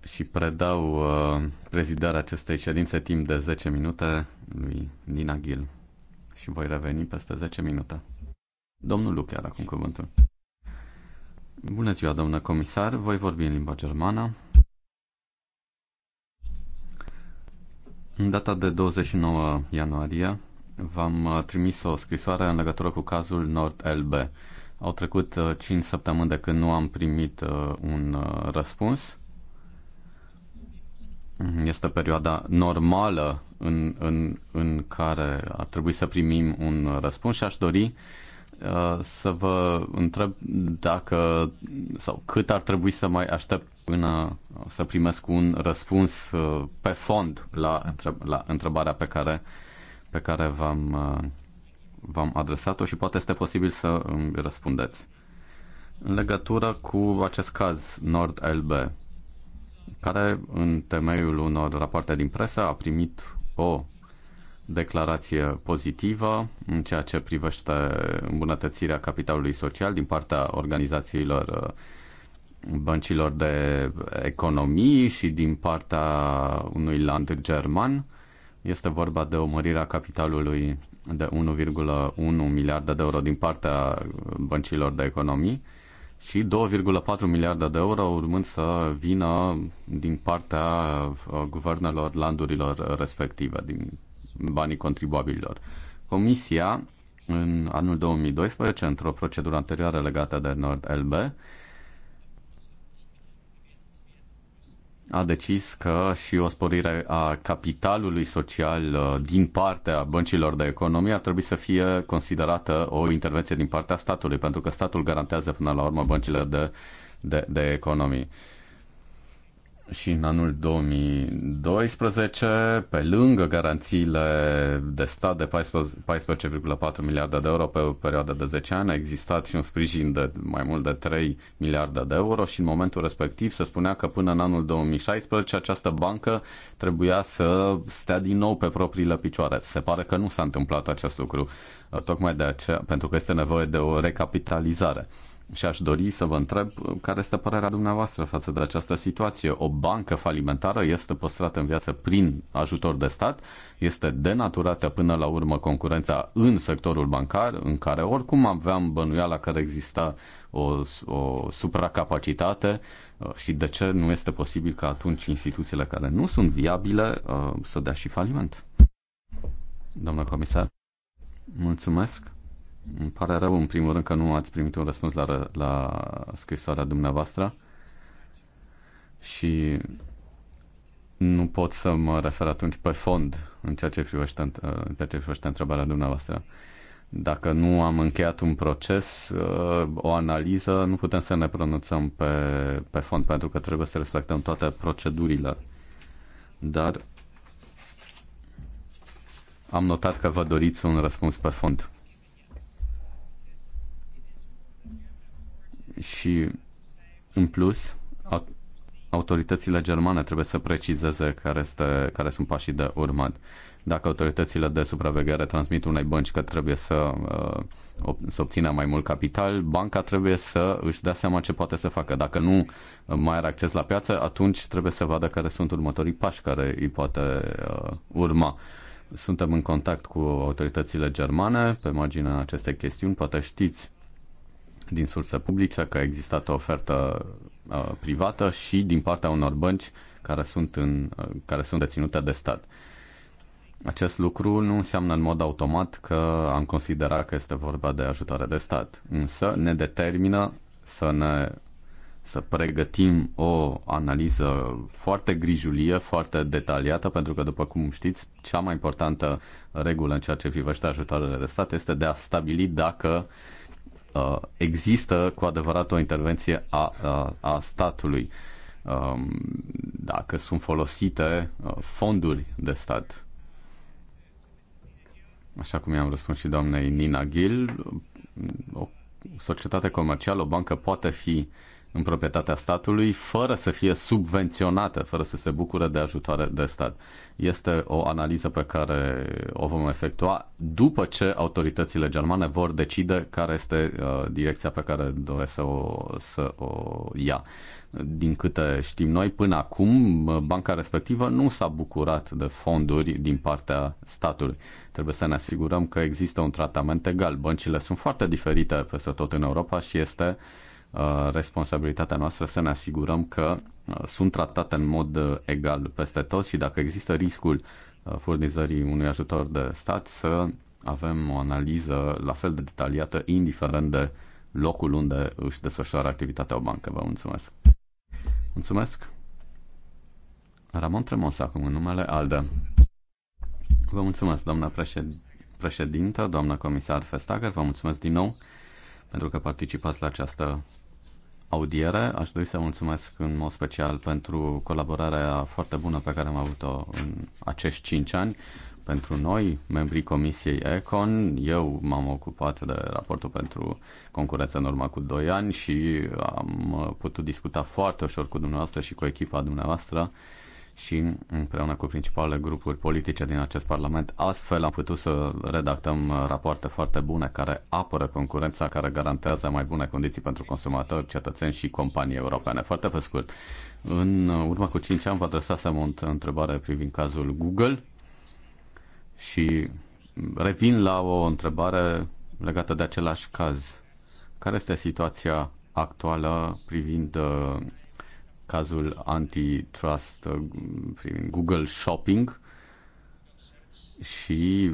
Speaker 2: și predau uh, prezidarea acestei ședințe timp de 10 minute lui Nina Ghil și voi reveni peste 10 minute. Domnul Luca are acum cuvântul. Bună ziua, domnule comisar, voi vorbi în limba germană. În data de 29 ianuarie v-am uh, trimis o scrisoare în legătură cu cazul Nord Elbe. Au trecut 5 uh, săptămâni de când nu am primit uh, un răspuns. Este perioada normală în, în, în care ar trebui să primim un răspuns și aș dori să vă întreb dacă sau cât ar trebui să mai aștept până să primesc un răspuns uh, pe fond la, întreb- la întrebarea pe care, pe care v-am, uh, v-am adresat-o și poate este posibil să îmi răspundeți. În legătură cu acest caz, Nord LB, care în temeiul unor rapoarte din presă a primit o declarație pozitivă în ceea ce privește îmbunătățirea capitalului social din partea organizațiilor uh, băncilor de economii și din partea unui land german. Este vorba de o mărire a capitalului de 1,1 miliarde de euro din partea băncilor de economii și 2,4 miliarde de euro urmând să vină din partea uh, guvernelor landurilor respective, din banii contribuabililor. Comisia, în anul 2012, într-o procedură anterioară legată de Nord-LB, a decis că și o sporire a capitalului social uh, din partea băncilor de economie ar trebui să fie considerată o intervenție din partea statului, pentru că statul garantează până la urmă băncile de, de, de economie și în anul 2012, pe lângă garanțiile de stat de 14,4 miliarde de euro pe o perioadă de 10 ani, a existat și un sprijin de mai mult de 3 miliarde de euro și în momentul respectiv se spunea că până în anul 2016 această bancă trebuia să stea din nou pe propriile picioare. Se pare că nu s-a întâmplat acest lucru, tocmai de aceea, pentru că este nevoie de o recapitalizare și aș dori să vă întreb uh, care este părerea dumneavoastră față de această situație. O bancă falimentară este păstrată în viață prin ajutor de stat, este denaturată până la urmă concurența în sectorul bancar, în care oricum aveam bănuiala că exista o, o supracapacitate uh, și de ce nu este posibil ca atunci instituțiile care nu sunt viabile uh, să dea și faliment. Domnule comisar, mulțumesc. Îmi pare rău, în primul rând, că nu ați primit un răspuns la, la scrisoarea dumneavoastră și nu pot să mă refer atunci pe fond în ceea ce privește, în ceea ce privește întrebarea dumneavoastră. Dacă nu am încheiat un proces, uh, o analiză, nu putem să ne pronunțăm pe, pe fond, pentru că trebuie să respectăm toate procedurile. Dar am notat că vă doriți un răspuns pe fond. Și, în plus, autoritățile germane trebuie să precizeze care, este, care sunt pașii de urmat. Dacă autoritățile de supraveghere transmit unei bănci că trebuie să, uh, să obțină mai mult capital, banca trebuie să își dea seama ce poate să facă. Dacă nu mai are acces la piață, atunci trebuie să vadă care sunt următorii pași care îi poate uh, urma. Suntem în contact cu autoritățile germane pe marginea acestei chestiuni. Poate știți din surse publice, că există o ofertă uh, privată și din partea unor bănci care sunt, în, uh, care sunt deținute de stat. Acest lucru nu înseamnă în mod automat că am considerat că este vorba de ajutoare de stat, însă ne determină să ne să pregătim o analiză foarte grijulie, foarte detaliată, pentru că, după cum știți, cea mai importantă regulă în ceea ce privește ajutoarele de stat este de a stabili dacă uh, Uh, există cu adevărat o intervenție a, a, uh, a statului um, dacă sunt folosite uh, fonduri de stat. Așa cum i-am răspuns și doamnei Nina Gil, o societate comercială, o bancă poate fi uh, în proprietatea statului fără să fie subvenționată, fără să se bucure de ajutoare de stat. Este o analiză pe care o vom efectua după ce autoritățile germane vor decide care este uh, direcția pe care doresc să o, să o ia. Din câte știm noi, până acum, uh, banca respectivă nu s-a bucurat de fonduri din partea statului. Trebuie să ne asigurăm că există un tratament egal. Băncile sunt foarte diferite peste tot în Europa și este uh, Uh, responsabilitatea noastră să ne asigurăm că uh, sunt tratate în mod uh, egal peste tot și dacă există riscul furnizării unui ajutor de stat să avem o analiză la fel de detaliată, indiferent de locul unde își desfășoară activitatea o bancă. Vă mulțumesc! Mulțumesc! Ramon Tremos acum în numele ALDE. Vă mulțumesc, doamna președ... președintă, doamna comisar Festager, vă mulțumesc din nou pentru că participați la această audiere. Aș dori să mulțumesc în mod special pentru colaborarea foarte bună pe care am avut-o în acești 5 ani. Pentru noi, membrii Comisiei Econ, eu m-am ocupat de raportul pentru concurență în urmă cu 2 ani și am putut discuta foarte ușor cu dumneavoastră și cu echipa dumneavoastră și împreună cu principalele grupuri politice din acest Parlament. Astfel am putut să redactăm rapoarte foarte bune care apără concurența, care garantează mai bune condiții pentru consumatori, cetățeni și companii europene. Foarte pe scurt, în urmă cu 5 ani vă adresasem o întrebare privind cazul Google și revin la o întrebare legată de același caz. Care este situația actuală privind uh, cazul antitrust uh, privind Google Shopping și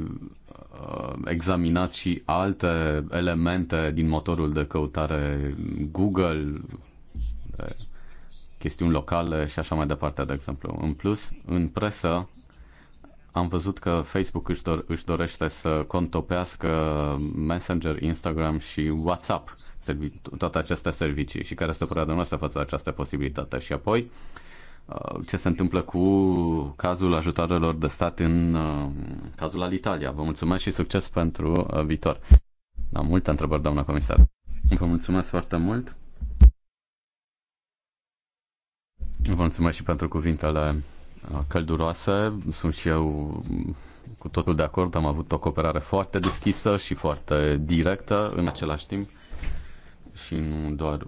Speaker 2: uh, examinat și alte elemente din motorul de căutare Google, de chestiuni locale și așa mai departe, de exemplu. În plus, în presă am văzut că Facebook își, dor- își dorește să contopească Messenger, Instagram și WhatsApp, servi- toate aceste servicii și care este părerea noastră față de această posibilitate. Și apoi, uh, ce se întâmplă cu cazul ajutoarelor de stat în uh, cazul al Italia. Vă mulțumesc și succes pentru uh, viitor. Am da, multe întrebări, doamna comisar. Vă mulțumesc foarte mult. Vă mulțumesc și pentru cuvintele Uh, călduroasă. Sunt și eu cu totul de acord. Am avut o cooperare foarte deschisă și foarte directă în același timp și nu doar,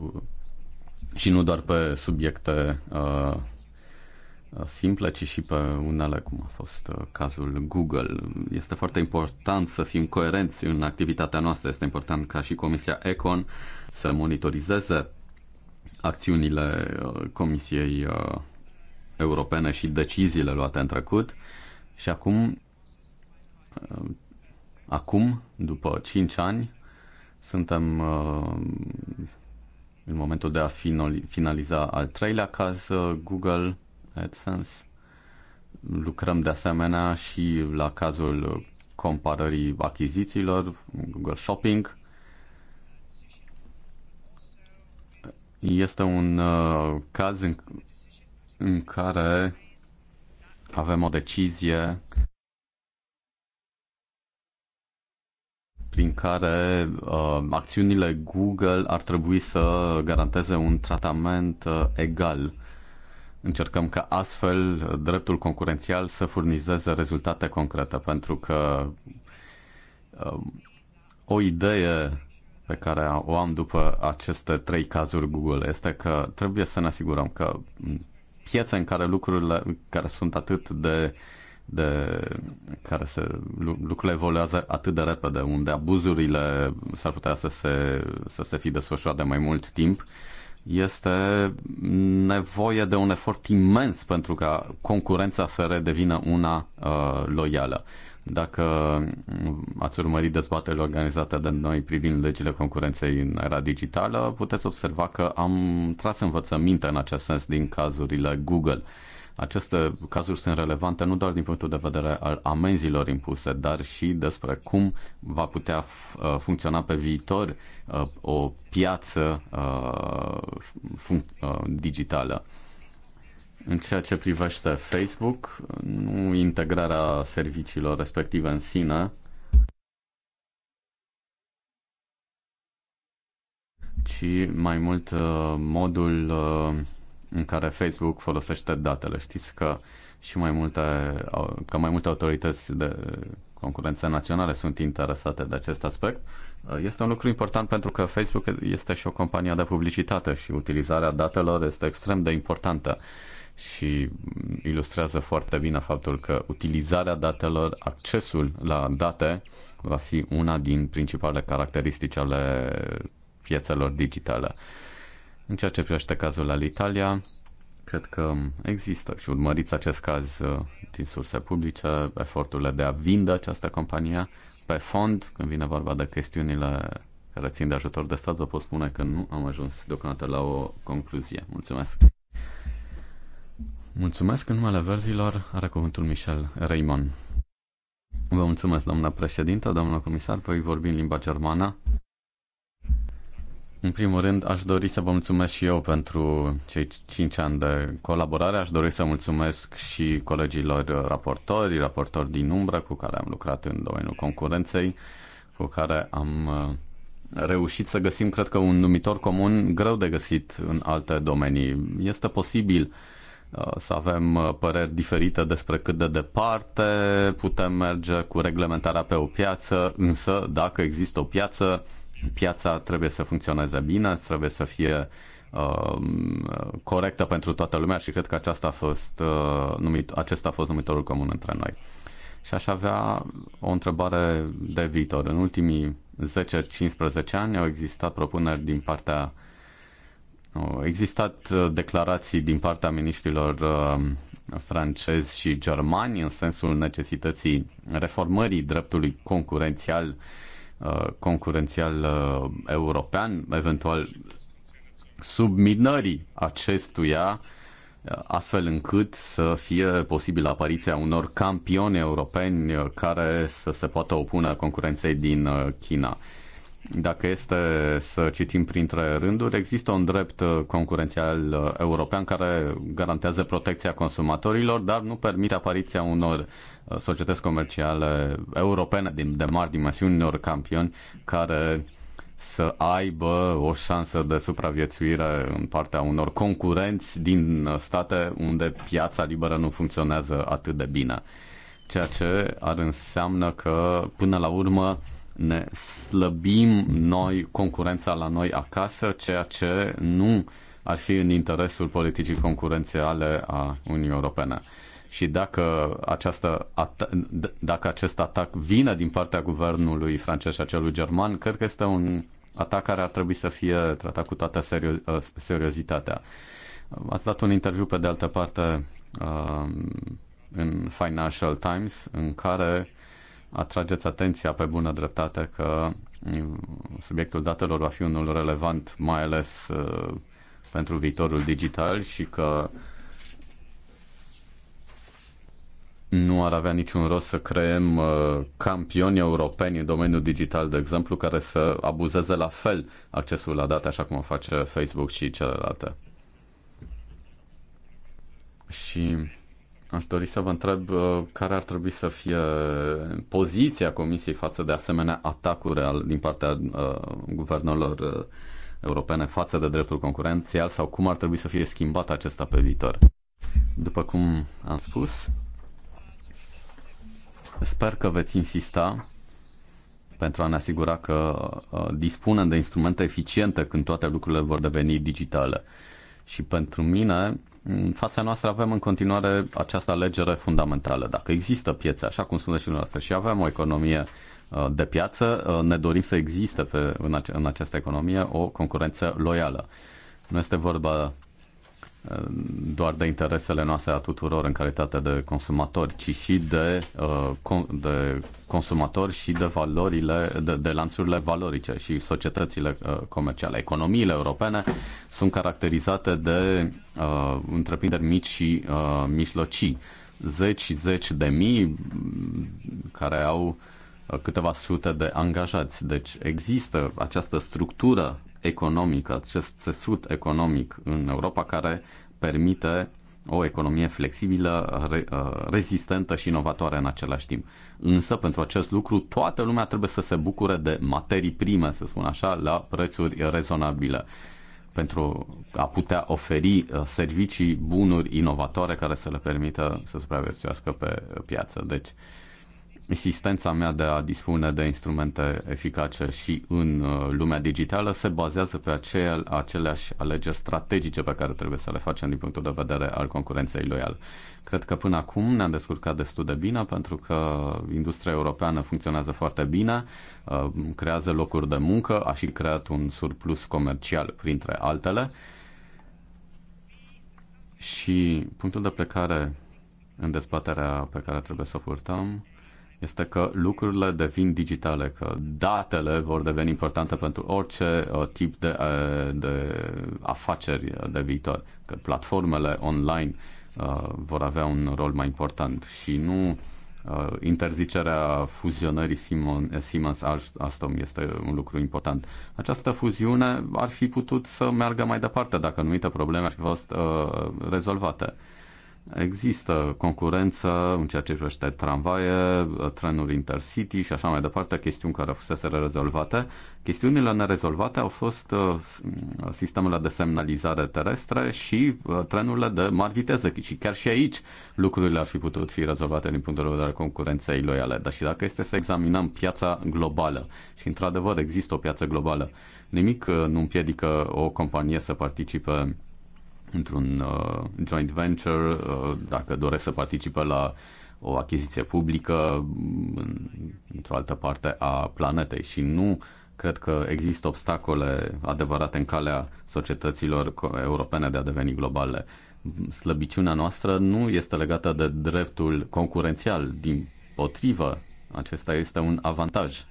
Speaker 2: și nu doar pe subiecte uh, simple, ci și pe unele, cum a fost uh, cazul Google. Este foarte important să fim coerenți în activitatea noastră. Este important ca și Comisia Econ să monitorizeze acțiunile uh, Comisiei europene și deciziile luate în trecut și acum, uh, acum după 5 ani, suntem uh, în momentul de a finaliza al treilea caz uh, Google AdSense. Lucrăm de asemenea și la cazul comparării achizițiilor, Google Shopping. Este un uh, caz în, în care avem o decizie prin care uh, acțiunile Google ar trebui să garanteze un tratament uh, egal. Încercăm ca astfel dreptul concurențial să furnizeze rezultate concrete, pentru că uh, o idee pe care o am după aceste trei cazuri Google este că trebuie să ne asigurăm că piețe în care lucrurile care sunt atât de de care se, lucrurile evoluează atât de repede, unde abuzurile s-ar putea să se, să se fi desfășurat de mai mult timp, este nevoie de un efort imens pentru ca concurența să redevină una uh, loială. Dacă ați urmărit dezbaterile organizate de noi privind legile concurenței în era digitală, puteți observa că am tras învățăminte în acest sens din cazurile Google. Aceste cazuri sunt relevante nu doar din punctul de vedere al amenzilor impuse, dar și despre cum va putea uh, funcționa pe viitor uh, o piață uh, digitală. În ceea ce privește Facebook, nu integrarea serviciilor respective în sine, ci mai mult uh, modul uh, în care Facebook folosește datele. Știți că și mai multe, că mai multe autorități de concurență naționale sunt interesate de acest aspect. Uh, este un lucru important pentru că Facebook este și o companie de publicitate și utilizarea datelor este extrem de importantă și ilustrează foarte bine faptul că utilizarea datelor, accesul la date va fi una din principalele caracteristici ale piețelor digitale. În ceea ce privește cazul al Italia, cred că există și urmăriți acest caz uh, din surse publice, eforturile de a vinde această companie pe fond, când vine vorba de chestiunile care țin de ajutor de stat, vă pot spune că nu am ajuns deocamdată la o concluzie. Mulțumesc! Mulțumesc în numele verzilor, are cuvântul Michel Raymond. Vă mulțumesc, doamna președintă, doamna comisar, voi vorbi în limba germană. În primul rând, aș dori să vă mulțumesc și eu pentru cei 5 ani de colaborare. Aș dori să mulțumesc și colegilor raportori, raportori din umbră cu care am lucrat în domeniul concurenței, cu care am uh, reușit să găsim, cred că, un numitor comun greu de găsit în alte domenii. Este posibil uh, Uh, să avem uh, păreri diferite despre cât de departe putem merge cu reglementarea pe o piață, însă dacă există o piață, piața trebuie să funcționeze bine, trebuie să fie uh, corectă pentru toată lumea și cred că aceasta a fost, uh, numit, acesta a fost numitorul comun între noi. Și aș avea o întrebare de viitor. În ultimii 10-15 ani au existat propuneri din partea uh, au existat uh, declarații din partea miniștrilor uh, francezi și germani în sensul necesității reformării dreptului concurențial uh, concurențial european, eventual subminării acestuia astfel încât să fie posibil apariția unor campioni europeni care să se poată opune concurenței din China dacă este să citim printre rânduri, există un drept uh, concurențial uh, european care garantează protecția consumatorilor, dar nu permite apariția unor uh, societăți comerciale europene de mari dimensiuni, unor campioni care să aibă o șansă de supraviețuire în partea unor concurenți din state unde piața liberă nu funcționează atât de bine. Ceea ce ar înseamnă că, până la urmă, ne slăbim noi concurența la noi acasă, ceea ce nu ar fi în interesul politicii concurențiale a Uniunii Europene. Și dacă, această dacă acest atac vine din partea guvernului francez și a german, cred că este un atac care ar trebui să fie tratat cu toată serio- ă, seriozitatea. Ați dat un interviu, pe de altă parte, ă, în Financial Times, în care atrageți atenția pe bună dreptate că mm, subiectul datelor va fi unul relevant, mai ales uh, pentru viitorul digital și că nu ar avea niciun rost să creăm uh, campioni europeni în domeniul digital, de exemplu, care să abuzeze la fel accesul la date, așa cum o face Facebook și celelalte. Și Aș dori să vă întreb uh, care ar trebui să fie poziția Comisiei față de asemenea atacuri din partea uh, guvernelor uh, europene față de dreptul concurențial sau cum ar trebui să fie schimbat acesta pe viitor. După cum am spus, sper că veți insista pentru a ne asigura că dispunem de instrumente eficiente când toate lucrurile vor deveni digitale. Și pentru mine, în fața noastră avem în continuare această alegere fundamentală. Dacă există piețe, așa cum spuneți și dumneavoastră, și avem o economie uh, de piață, uh, ne dorim să existe pe, în, ace- în această economie o concurență loială. Nu este vorba doar de interesele noastre a tuturor în calitate de consumatori, ci și de, uh, de consumatori și de valorile, de, de lanțurile valorice și societățile uh, comerciale. Economiile europene sunt caracterizate de uh, întreprinderi mici și uh, mijlocii, zeci și zeci de mii mm, care au uh, câteva sute de angajați. Deci există această structură economic acest țesut economic în Europa care permite o economie flexibilă, re, uh, rezistentă și inovatoare în același timp. Însă, pentru acest lucru, toată lumea trebuie să se bucure de materii prime, să spun așa, la prețuri rezonabile pentru a putea oferi uh, servicii, bunuri inovatoare care să le permită să supraviețuiască pe piață. Deci, insistența mea de a dispune de instrumente eficace și în uh, lumea digitală se bazează pe acele, aceleași alegeri strategice pe care trebuie să le facem din punctul de vedere al concurenței loiale. Cred că până acum ne-am descurcat destul de bine pentru că industria europeană funcționează foarte bine, uh, creează locuri de muncă, a și creat un surplus comercial printre altele. Și punctul de plecare în dezbaterea pe care trebuie să o purtăm este că lucrurile devin digitale, că datele vor deveni importante pentru orice uh, tip de, uh, de afaceri de viitor, că platformele online uh, vor avea un rol mai important și nu interzicerea fuzionării Siemens Alstom este un lucru important. Această fuziune ar fi putut să meargă mai departe dacă anumite probleme ar fi fost uh, rezolvate. Există concurență în ceea ce privește tramvaie, trenuri intercity și așa mai departe, chestiuni care fusese rezolvate. Chestiunile nerezolvate au fost uh, sistemele de semnalizare terestre și uh, trenurile de mari viteză. Și chiar și aici lucrurile ar fi putut fi rezolvate din punctul de vedere al concurenței loiale. Dar și dacă este să examinăm piața globală, și într-adevăr există o piață globală, nimic uh, nu împiedică o companie să participe într-un uh, joint venture, uh, dacă doresc să participe la o achiziție publică în, într-o altă parte a planetei și nu cred că există obstacole adevărate în calea societăților europene de a deveni globale. Slăbiciunea noastră nu este legată de dreptul concurențial, din potrivă, acesta este un avantaj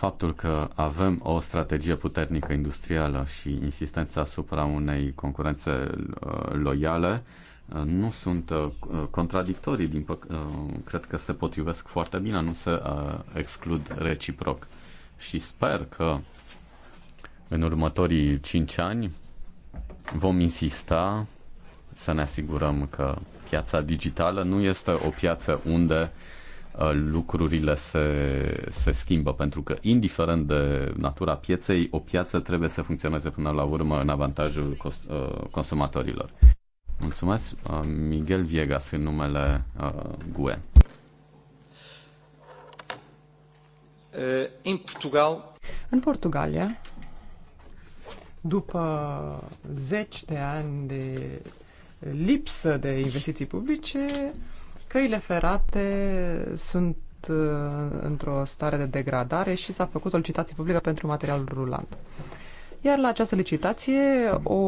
Speaker 2: faptul că avem o strategie puternică industrială și insistența asupra unei concurențe uh, loiale uh, nu sunt uh, contradictorii, din păc- cred că se potrivesc foarte bine, nu se exclud reciproc. Și sper că în următorii 5 ani vom insista să ne asigurăm că piața digitală nu este o piață unde uh, Uh, lucrurile se, se schimbă, pentru că, indiferent de natura pieței, o piață trebuie să funcționeze până la urmă în avantajul cost, uh, consumatorilor. Mulțumesc, uh, Miguel Viegas, în numele uh, GUE.
Speaker 3: Uh, în Portugal. În Portugalia, după zeci de ani de lipsă de investiții publice, uh, Căile ferate sunt uh, într-o stare de degradare și s-a făcut o licitație publică pentru materialul rulant. Iar la această licitație, o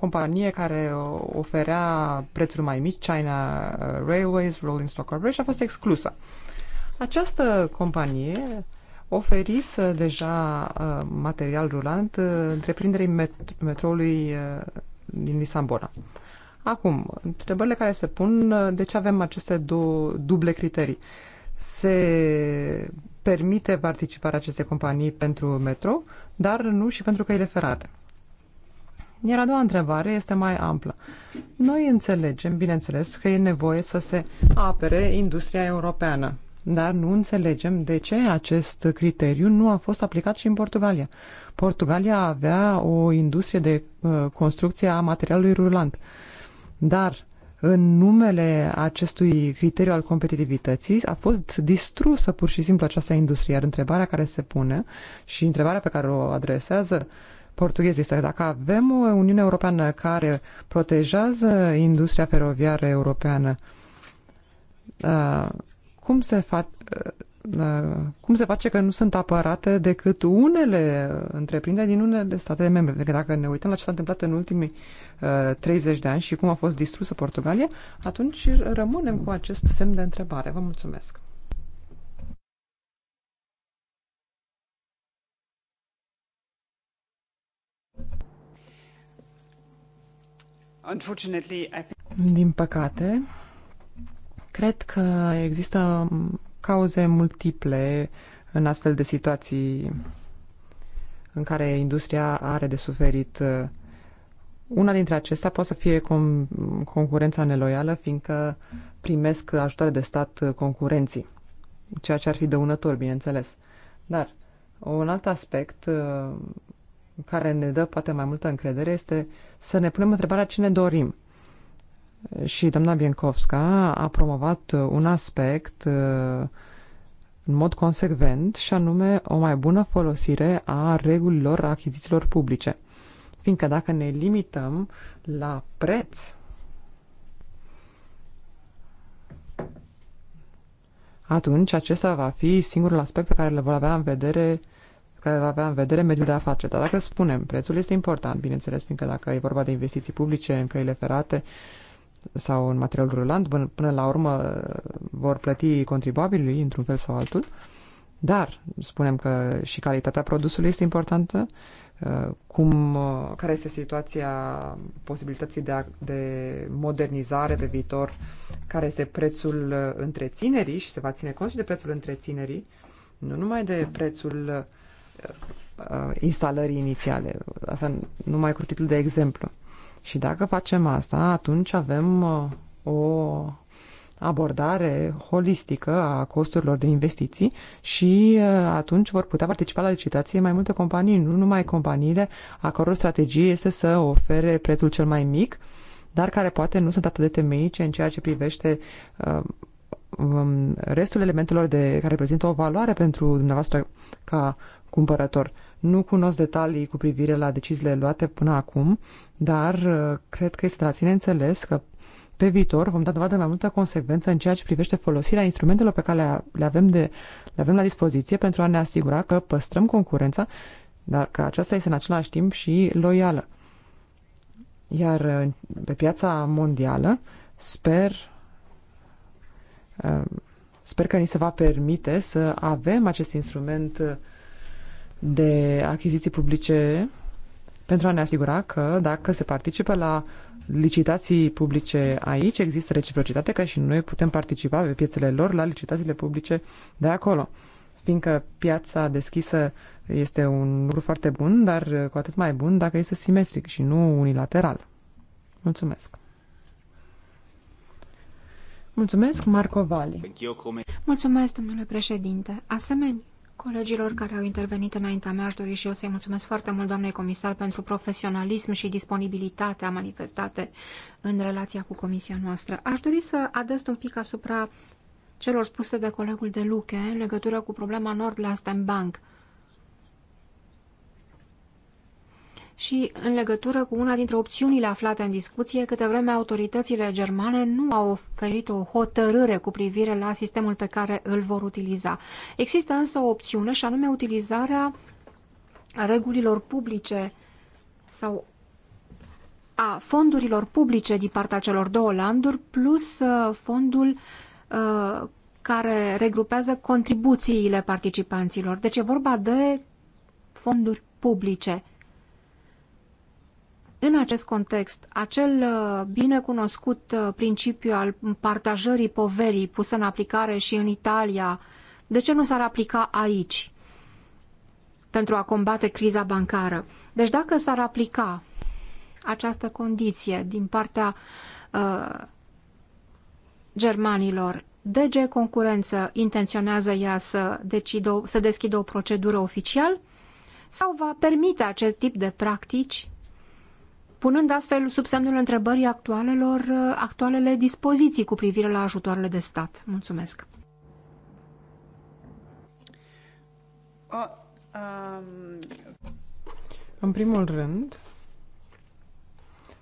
Speaker 3: companie care oferea prețuri mai mici, China Railways, Rolling Stock Corporation, a fost exclusă. Această companie oferise deja uh, material rulant uh, întreprinderii met- metroului din Lisabona. Acum, întrebările care se pun, de ce avem aceste două duble criterii? Se permite participarea acestei companii pentru metro, dar nu și pentru căile ferate. Iar a doua întrebare este mai amplă. Noi înțelegem, bineînțeles, că e nevoie să se apere industria europeană, dar nu înțelegem de ce acest criteriu nu a fost aplicat și în Portugalia. Portugalia avea o industrie de uh, construcție a materialului rulant. Uh, dar în numele acestui criteriu al competitivității a fost distrusă pur și simplu această industrie. Iar întrebarea care se pune și întrebarea pe care o adresează portughezii este dacă avem o Uniune Europeană care protejează industria feroviară europeană, uh, cum se face Uh, cum se face că nu sunt apărate decât unele întreprinderi din unele state membre. că dacă ne uităm la ce s-a întâmplat în ultimii uh, 30 de ani și cum a fost distrusă Portugalia, atunci rămânem cu acest semn de întrebare. Vă mulțumesc! Din păcate, cred că există cauze multiple în astfel de situații în care industria are de suferit. Una dintre acestea poate să fie con- concurența neloială, fiindcă primesc ajutoare de stat concurenții, ceea ce ar fi dăunător, bineînțeles. Dar un alt aspect uh, care ne dă poate mai multă încredere este să ne punem întrebarea cine dorim și doamna Biencovska a promovat uh, un aspect uh, în mod consecvent și anume o mai bună folosire a regulilor achizițiilor publice. Fiindcă dacă ne limităm la preț, atunci acesta va fi singurul aspect pe care le vor avea în vedere care va avea în vedere mediul de afaceri. Dar dacă spunem, prețul este important, bineînțeles, fiindcă dacă e vorba de investiții publice în căile ferate, uh, sau în material rulant, până, la urmă uh, vor plăti contribuabilii într-un fel sau altul, dar spunem că și calitatea produsului este importantă, uh, cum, uh, care este situația posibilității de, a, de modernizare pe viitor, care este prețul întreținerii și se va ține cont și de prețul întreținerii, nu numai de prețul uh, instalării inițiale, asta numai cu titlul de exemplu. Și dacă facem asta, atunci avem uh, o abordare holistică a costurilor de investiții și uh, atunci vor putea participa la licitație mai multe companii, nu numai companiile a căror strategie este să ofere prețul cel mai mic, dar care poate nu sunt atât de temeice în ceea ce privește uh, um, restul elementelor de, care prezintă o valoare pentru dumneavoastră ca cumpărător. Nu cunosc detalii cu privire la deciziile luate până acum, dar uh, cred că este de la ține înțeles că pe viitor vom da dovadă mai multă consecvență în ceea ce privește folosirea instrumentelor pe care le avem, de, le avem la dispoziție pentru a ne asigura că păstrăm concurența, dar că aceasta este în același timp și loială. Iar uh, pe piața mondială sper, uh, sper că ni se va permite să avem acest instrument de achiziții publice pentru a ne asigura că dacă se participă la licitații publice aici, există reciprocitate ca și noi putem participa pe piețele lor la licitațiile publice de acolo. Fiindcă piața deschisă este un lucru foarte bun, dar cu atât mai bun dacă este simetric și nu unilateral. Mulțumesc! Mulțumesc, Marco Vali.
Speaker 1: Mulțumesc, domnule președinte. Asemenea, Colegilor care au intervenit înaintea mea, aș dori și eu să-i mulțumesc foarte mult, doamnei comisar, pentru profesionalism și disponibilitatea manifestate în relația cu comisia noastră. Aș dori să adăst un pic asupra celor spuse de colegul de Luche în legătură cu problema Nord Lasten Bank. și în legătură cu una dintre opțiunile aflate în discuție, câte vreme autoritățile germane nu au oferit o hotărâre cu privire la sistemul pe care îl vor utiliza. Există însă o opțiune și anume utilizarea regulilor publice sau a fondurilor publice din partea celor două landuri plus uh, fondul uh, care regrupează contribuțiile participanților. Deci e vorba de fonduri publice. În acest context, acel uh, binecunoscut uh, principiu al partajării poverii pus în aplicare și în Italia, de ce nu s-ar aplica aici pentru a combate criza bancară? Deci dacă s-ar aplica această condiție din partea uh, germanilor, DG Concurență intenționează ea să, decidă, să deschidă o procedură oficial sau va permite acest tip de practici punând astfel sub semnul întrebării actualelor, actualele dispoziții cu privire la ajutoarele de stat. Mulțumesc!
Speaker 3: O, oh, um... În primul rând,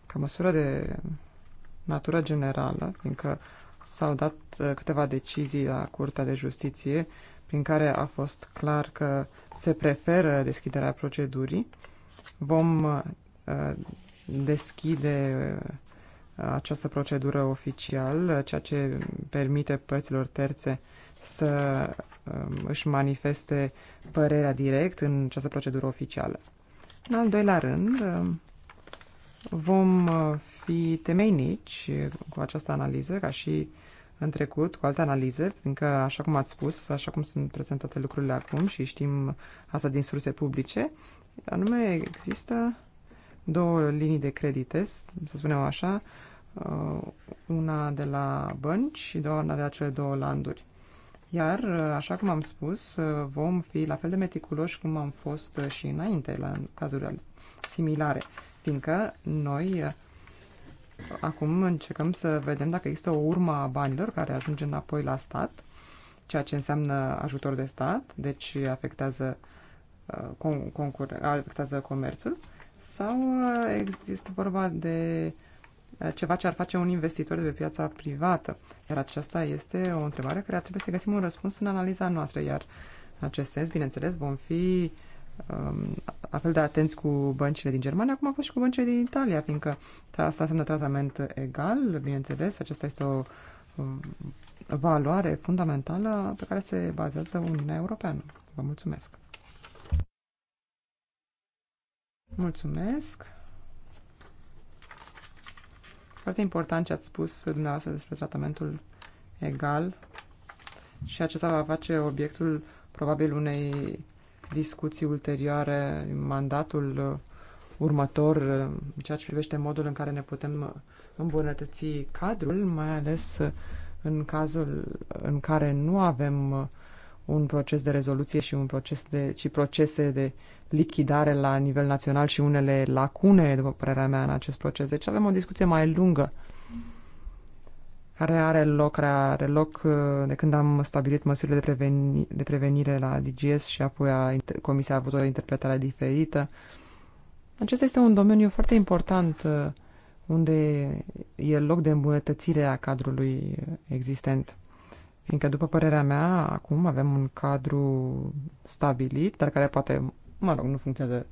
Speaker 3: ca măsură de natură generală, fiindcă s-au dat uh, câteva decizii la Curtea de Justiție prin care a fost clar că se preferă deschiderea procedurii, vom uh, deschide uh, această procedură oficial, uh, ceea ce permite părților terțe să um, își manifeste părerea direct în această procedură oficială. În al doilea rând, um, vom uh, fi temeinici cu această analiză, ca și în trecut, cu alte analize, fiindcă, așa cum ați spus, așa cum sunt prezentate lucrurile acum și știm asta din surse publice, anume există două linii de credite, să spunem așa, uh, una de la bănci și una de la cele două landuri. Iar, uh, așa cum am spus, uh, vom fi la fel de meticuloși cum am fost și înainte, la cazuri similare, fiindcă noi acum încercăm să vedem dacă există o urmă a banilor care ajunge înapoi la stat, ceea ce înseamnă ajutor de stat, deci afectează, concur- afectează comerțul sau uh, există vorba de uh, ceva ce ar face un investitor de pe piața privată? Iar aceasta este o întrebare care ar trebui să găsim un răspuns în analiza noastră, iar în acest sens, bineînțeles, vom fi um, apel de atenți cu băncile din Germania, cum a fost și cu băncile din Italia, fiindcă asta înseamnă tratament egal, bineînțeles, aceasta este o um, valoare fundamentală pe care se bazează Uniunea Europeană. Vă mulțumesc! Mulțumesc. Foarte important ce ați spus dumneavoastră despre tratamentul egal și acesta va face obiectul probabil unei discuții ulterioare în mandatul următor în ceea ce privește modul în care ne putem îmbunătăți cadrul, mai ales în cazul în care nu avem un proces de rezoluție și un proces de, și procese de lichidare la nivel național și unele lacune, după părerea mea, în acest proces. Deci avem o discuție mai lungă care are loc, care are loc uh, de când am stabilit măsurile de, preveni, de prevenire la DGS și apoi a, Comisia a avut o interpretare diferită. Acesta este un domeniu foarte important uh, unde e loc de îmbunătățire a cadrului existent. Fiindcă, după părerea mea, acum avem un cadru stabilit, dar care poate, mă rog, nu funcționează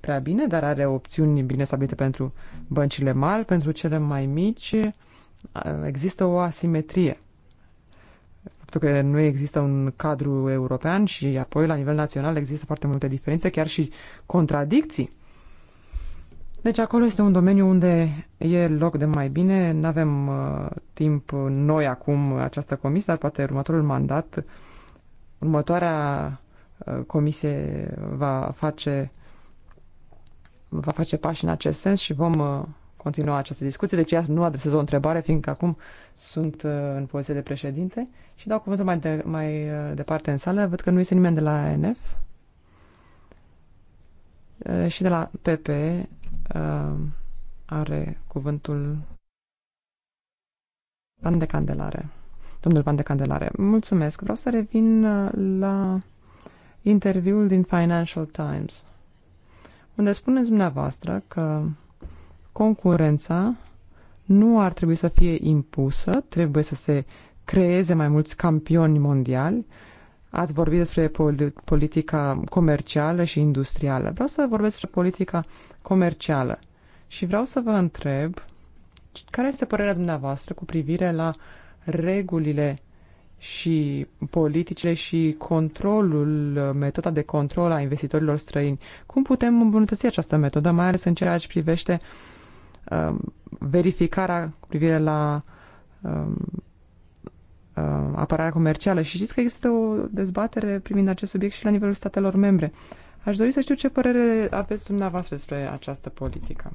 Speaker 3: prea bine, dar are opțiuni bine stabilite pentru băncile mari, pentru cele mai mici există o asimetrie. Faptul că nu există un cadru european și apoi la nivel național există foarte multe diferențe, chiar și contradicții deci acolo este un domeniu unde e loc de mai bine. Nu avem uh, timp noi acum această comisie, dar poate următorul mandat, următoarea uh, comisie va face va face pași în acest sens și vom uh, continua această discuție. Deci nu adresez o întrebare, fiindcă acum sunt uh, în poziție de președinte și dau cuvântul mai, de, mai uh, departe în sală. Văd că nu este nimeni de la ANF uh, și de la PP uh, are cuvântul Pan de Candelare. Domnul Pan de Candelare, mulțumesc. Vreau să revin uh, la interviul din Financial Times, unde spuneți dumneavoastră că concurența nu ar trebui să fie impusă, trebuie să se creeze mai mulți campioni mondiali Ați vorbit despre politica comercială și industrială. Vreau să vorbesc despre politica comercială și vreau să vă întreb care este părerea dumneavoastră cu privire la regulile și politicile și controlul, metoda de control a investitorilor străini. Cum putem îmbunătăți această metodă, mai ales în ceea ce privește uh, verificarea cu privire la um, Uh, apărarea comercială și știți că există o dezbatere privind acest subiect și la nivelul statelor membre. Aș dori să știu ce părere aveți dumneavoastră despre această politică.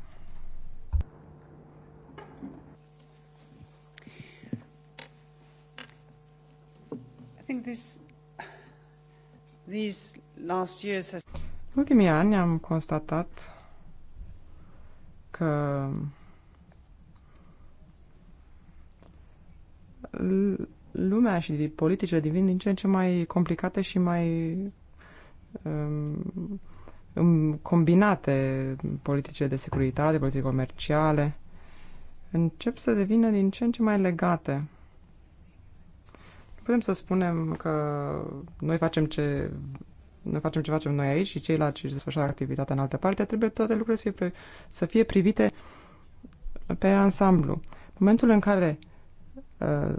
Speaker 3: În ultimii ani am constatat că lumea și politicile devin din ce în ce mai complicate și mai um, combinate politicile de securitate, politici comerciale, încep să devină din ce în ce mai legate. Putem să spunem că noi facem ce noi facem ce facem noi aici și ceilalți își desfășoară activitatea în altă parte, trebuie toate lucrurile să fie, să fie privite pe ansamblu. Momentul în care uh,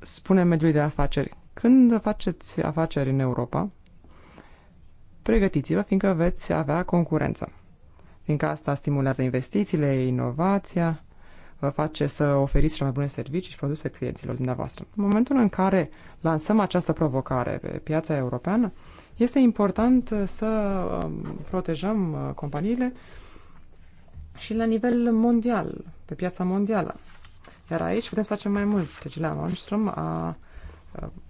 Speaker 3: spune mediului de afaceri, când faceți afaceri în Europa, pregătiți-vă fiindcă veți avea concurență. Fiindcă asta stimulează investițiile, inovația, vă face să oferiți cele mai bune servicii și produse clienților dumneavoastră. În momentul în care lansăm această provocare pe piața europeană, este important să um, protejăm uh, companiile și la nivel mondial, pe piața mondială. Iar aici putem să facem mai mult. Cecilia Armstrong a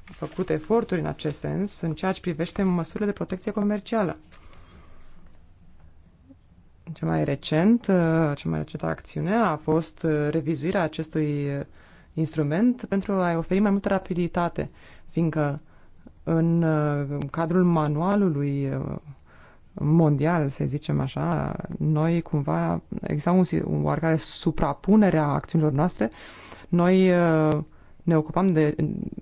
Speaker 3: făcut eforturi în acest sens în ceea ce privește măsurile de protecție comercială. Cea mai recent, cea mai recentă acțiune a fost revizuirea acestui instrument pentru a-i oferi mai multă rapiditate, fiindcă în cadrul manualului mondial, să zicem așa, noi cumva, exista un, un oarecare suprapunere a acțiunilor noastre, noi uh, ne ocupam de,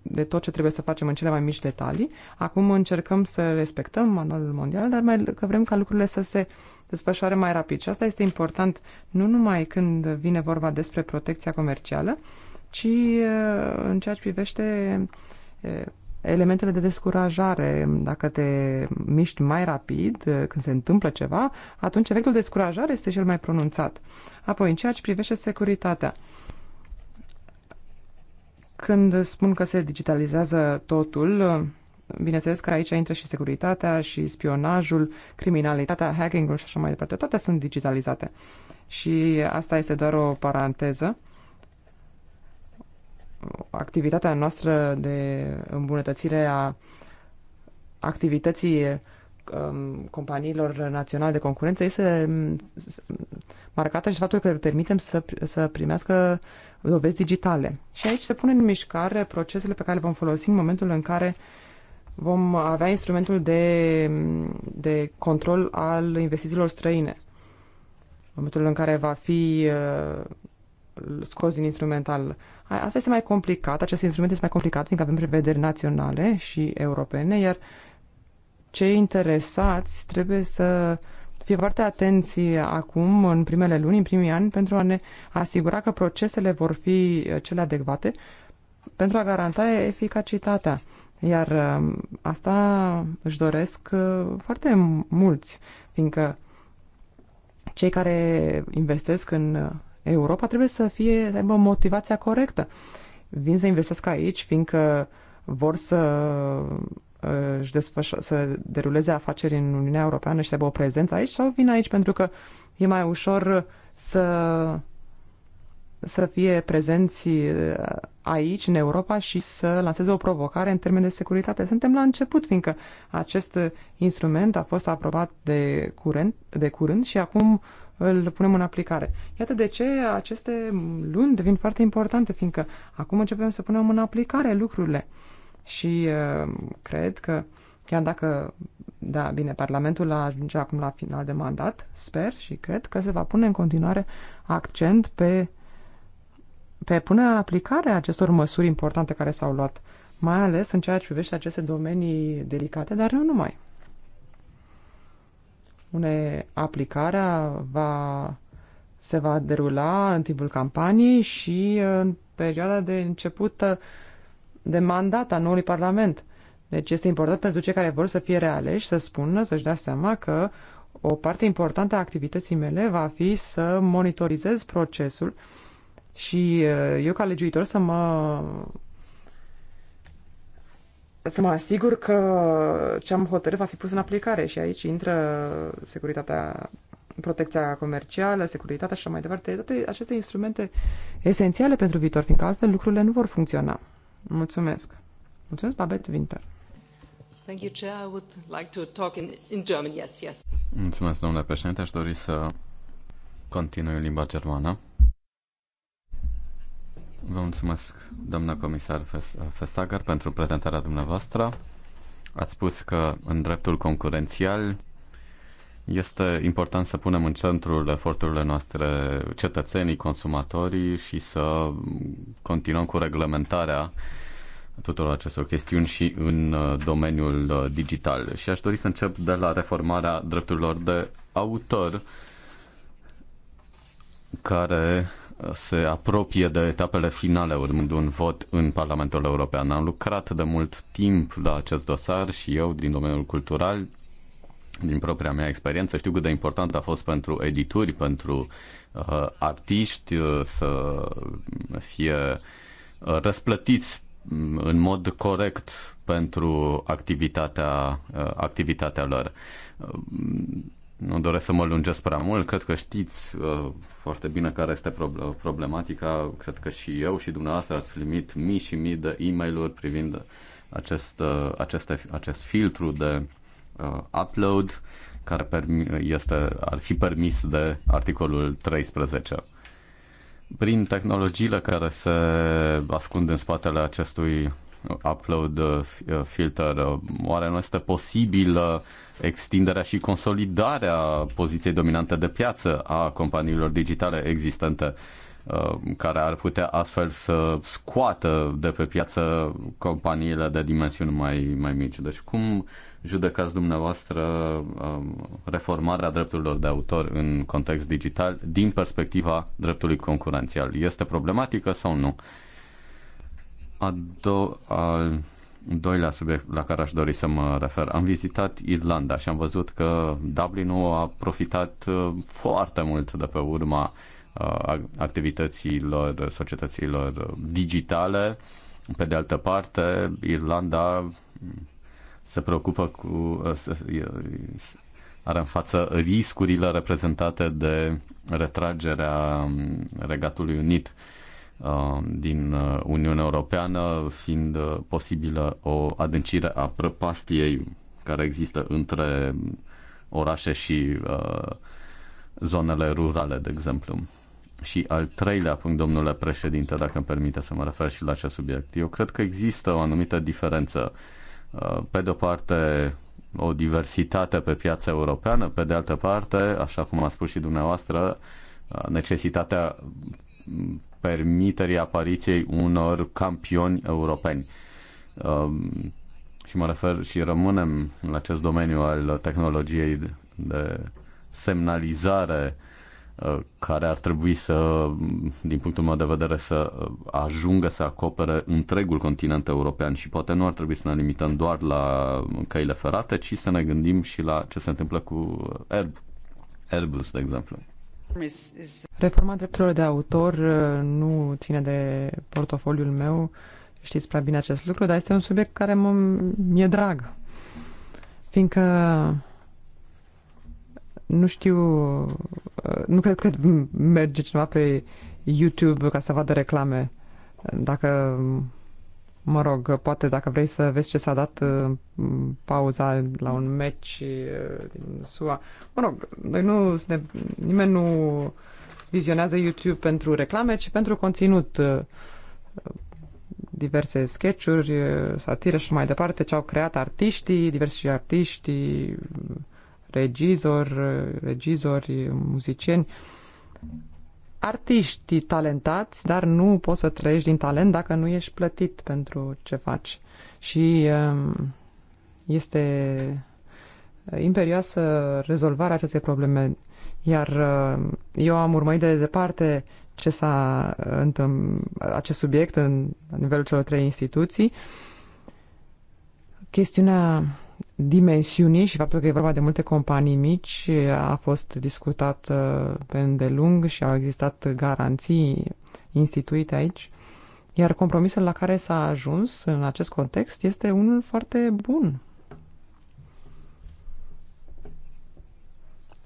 Speaker 3: de tot ce trebuie să facem în cele mai mici detalii. Acum încercăm să respectăm manualul mondial, dar mai că vrem ca lucrurile să se desfășoare mai rapid. Și asta este important nu numai când vine vorba despre protecția comercială, ci uh, în ceea ce privește uh, elementele de descurajare. Dacă te miști mai rapid când se întâmplă ceva, atunci efectul de descurajare este cel mai pronunțat. Apoi, în ceea ce privește securitatea, când spun că se digitalizează totul, bineînțeles că aici intră și securitatea, și spionajul, criminalitatea, hacking-ul și așa mai departe. Toate sunt digitalizate. Și asta este doar o paranteză activitatea noastră de îmbunătățire a activității um, companiilor naționale de concurență este um, marcată și faptul că le permitem să, să primească dovezi digitale. Și aici se pune în mișcare procesele pe care le vom folosi în momentul în care vom avea instrumentul de, de control al investițiilor străine. În momentul în care va fi uh, scos din instrumental Asta este mai complicat, acest instrument este mai complicat, fiindcă avem prevederi naționale și europene, iar cei interesați trebuie să fie foarte atenți acum, în primele luni, în primii ani, pentru a ne asigura că procesele vor fi cele adecvate pentru a garanta eficacitatea. Iar um, asta își doresc uh, foarte mulți, fiindcă cei care investesc în uh, Europa trebuie să fie, să aibă motivația corectă. Vin să investesc aici, fiindcă vor să uh, își desfășa, să deruleze afaceri în Uniunea Europeană și să aibă o prezență aici sau vin aici pentru că e mai ușor să să fie prezenți uh, aici, în Europa, și să lanseze o provocare în termen de securitate. Suntem la început, fiindcă acest instrument a fost aprobat de curând, de curând și acum îl punem în aplicare. Iată de ce aceste luni devin foarte importante, fiindcă acum începem să punem în aplicare lucrurile. Și uh, cred că, chiar dacă, da, bine, Parlamentul a ajunge acum la final de mandat, sper și cred că se va pune în continuare accent pe, pe punerea în aplicare a acestor măsuri importante care s-au luat, mai ales în ceea ce privește aceste domenii delicate, dar nu numai spune, aplicarea va, se va derula în timpul campaniei și în perioada de începută de mandat a noului Parlament. Deci este important pentru cei care vor să fie realeși să spună, să-și dea seama că o parte importantă a activității mele va fi să monitorizez procesul și uh, eu ca legiuitor să mă să mă asigur că ce am hotărât va fi pus în aplicare și aici intră securitatea, protecția comercială, securitatea și așa mai departe, toate aceste instrumente esențiale pentru viitor, fiindcă altfel lucrurile nu vor funcționa. Mulțumesc. Mulțumesc, Babet Winter.
Speaker 1: Thank you, Chair. I would like to talk in, in German. Yes, yes.
Speaker 2: Mulțumesc, domnule președinte. Aș dori să continui limba germană. Vă mulțumesc, doamna comisar Festager, pentru prezentarea dumneavoastră. Ați spus că în dreptul concurențial este important să punem în centrul eforturile noastre cetățenii, consumatorii și să continuăm cu reglementarea tuturor acestor chestiuni și în uh, domeniul uh, digital. Și aș dori să încep de la reformarea drepturilor de autor care se apropie de etapele finale, urmând un vot în Parlamentul European. Am lucrat de mult timp la acest dosar și eu, din domeniul cultural, din propria mea experiență, știu cât de important a fost pentru edituri, pentru uh, artiști uh, să fie uh, răsplătiți mm, în mod corect pentru activitatea, uh, activitatea lor. Uh, nu doresc să mă lungesc prea mult, cred că știți uh, foarte bine care este problematica. Cred că și eu și dumneavoastră ați primit mii și mii de e mail privind acest, uh, aceste, acest filtru de uh, upload care permi- este, ar fi permis de articolul 13 prin tehnologiile care se ascund în spatele acestui upload uh, uh, filter. Uh, oare nu este posibil extinderea și consolidarea poziției dominante de piață a companiilor digitale existente? care ar putea astfel să scoată de pe piață companiile de dimensiuni mai, mai mici. Deci cum judecați dumneavoastră um, reformarea drepturilor de autor în context digital din perspectiva dreptului concurențial? Este problematică sau nu? A, do- al doilea subiect la care aș dori să mă refer. Am vizitat Irlanda și am văzut că Dublinul a profitat uh, foarte mult de pe urma uh, activităților societăților digitale. Pe de altă parte, Irlanda mm, se preocupă cu uh, are în față riscurile reprezentate de retragerea mm, Regatului Unit Uh, din uh, Uniunea Europeană, fiind uh, posibilă o adâncire a prăpastiei care există între orașe și zonele rurale, de exemplu. Și al treilea punct, domnule președinte, dacă îmi permite să mă refer și la acest subiect, eu cred că există o anumită diferență. Pe de-o parte, o diversitate pe piața europeană, pe de altă parte, așa cum a spus și dumneavoastră, necesitatea permiterii apariției unor campioni europeni. Um, și mă refer și rămânem în acest domeniu al tehnologiei de semnalizare uh, care ar trebui să, din punctul meu de vedere, să ajungă să acopere întregul continent european și poate nu ar trebui să ne limităm doar la căile ferate, ci să ne gândim și la ce se întâmplă cu Airbus, de exemplu.
Speaker 3: Reforma drepturilor de autor uh, nu ține de portofoliul meu, știți prea bine acest lucru, dar este un subiect care mă, mi-e drag. Fiindcă nu știu, uh, nu cred că merge cineva pe YouTube ca să vadă reclame. Dacă Mă rog, poate dacă vrei să vezi ce s-a dat uh, pauza la un meci uh, din SUA. Mă rog, noi nu suntem, nimeni nu vizionează YouTube pentru reclame, ci pentru conținut uh, diverse sketchuri, satire și mai departe, ce au creat artiștii, diversi artiști, regizori, regizori, muzicieni artiști talentați, dar nu poți să trăiești din talent dacă nu ești plătit pentru ce faci. Și um, este imperioasă rezolvarea acestei probleme. Iar um, eu am urmărit de departe ce s-a întâmplat, acest subiect în nivelul celor trei instituții. Chestiunea dimensiunii și faptul că e vorba de multe companii mici a fost discutat uh, pe îndelung și au existat garanții instituite aici. Iar compromisul la care s-a ajuns în acest context este unul foarte bun.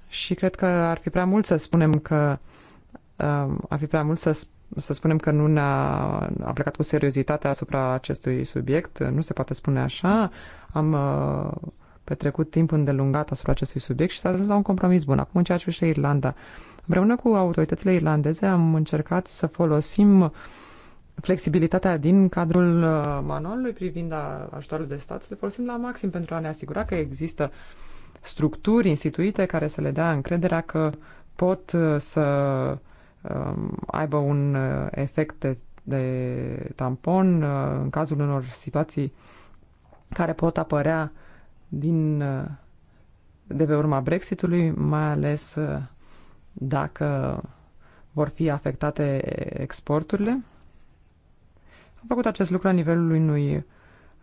Speaker 3: Și cred că ar fi prea mult să spunem că uh, ar fi prea mult să, să spunem că nu ne-a aplicat cu seriozitate asupra acestui subiect, nu se poate spune așa. Am uh, petrecut timp îndelungat asupra acestui subiect și s-a ajuns la un compromis bun. Acum, în ceea ce privește Irlanda, împreună cu autoritățile irlandeze am încercat să folosim flexibilitatea din cadrul uh, manualului privind ajutorul de stat, să le folosim la maxim pentru a ne asigura că există structuri instituite care să le dea încrederea că pot uh, să Um, aibă un uh, efect de, de tampon uh, în cazul unor situații care pot apărea din, uh, de pe urma Brexitului, mai ales dacă vor fi afectate exporturile. Am făcut acest lucru la nivelul unui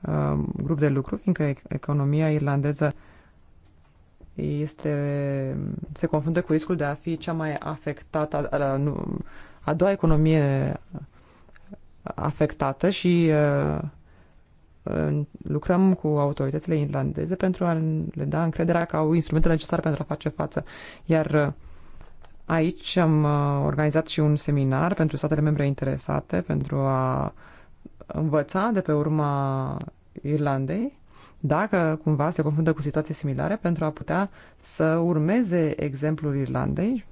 Speaker 3: um, grup de lucru, fiindcă economia irlandeză uh, este, se confruntă cu riscul de a fi cea mai afectată, a, a, a doua economie afectată și uh, lucrăm cu autoritățile irlandeze pentru a le da încrederea că au instrumentele necesare pentru a face față. Iar aici am organizat și un seminar pentru statele membre interesate, pentru a învăța de pe urma Irlandei dacă cumva se confruntă cu situații similare, pentru a putea să urmeze exemplul Irlandei.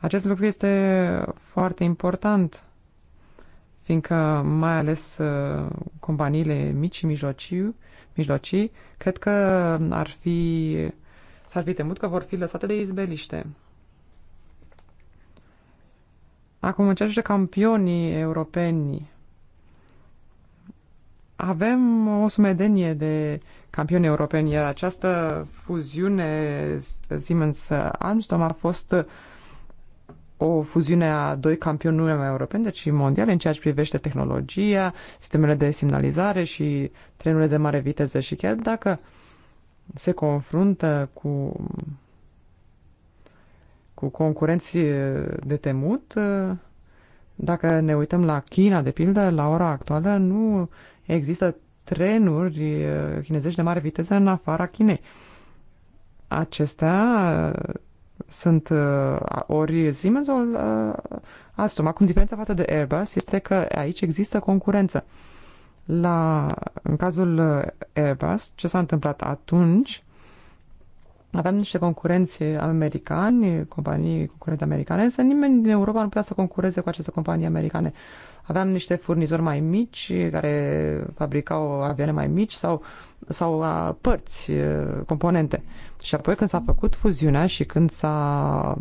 Speaker 3: Acest lucru este foarte important, fiindcă mai ales uh, companiile mici și mijlocii, mijlocii cred că ar fi, s-ar fi temut că vor fi lăsate de izbeliște. Acum, în ceea ce campionii europeni avem o sumedenie de campioni europeni, iar această fuziune Siemens-Armstrong a fost o fuziune a doi campioni nu numai europeni, deci mondiale, în ceea ce privește tehnologia, sistemele de semnalizare și trenurile de mare viteză. Și chiar dacă se confruntă cu, cu concurenții de temut, dacă ne uităm la China, de pildă, la ora actuală nu există trenuri eh, chinezești de mare viteză în afara Chinei. Acestea eh, sunt eh, ori Siemens, ori Alstom. Acum, diferența față de Airbus este că aici există concurență. La, în cazul Airbus, ce s-a întâmplat atunci Aveam niște concurenți americani, companii concurente americane, însă nimeni din Europa nu putea să concureze cu aceste companii americane. Aveam niște furnizori mai mici care fabricau avioane mai mici sau, sau a, părți, componente. Și apoi când s-a făcut fuziunea și când s-a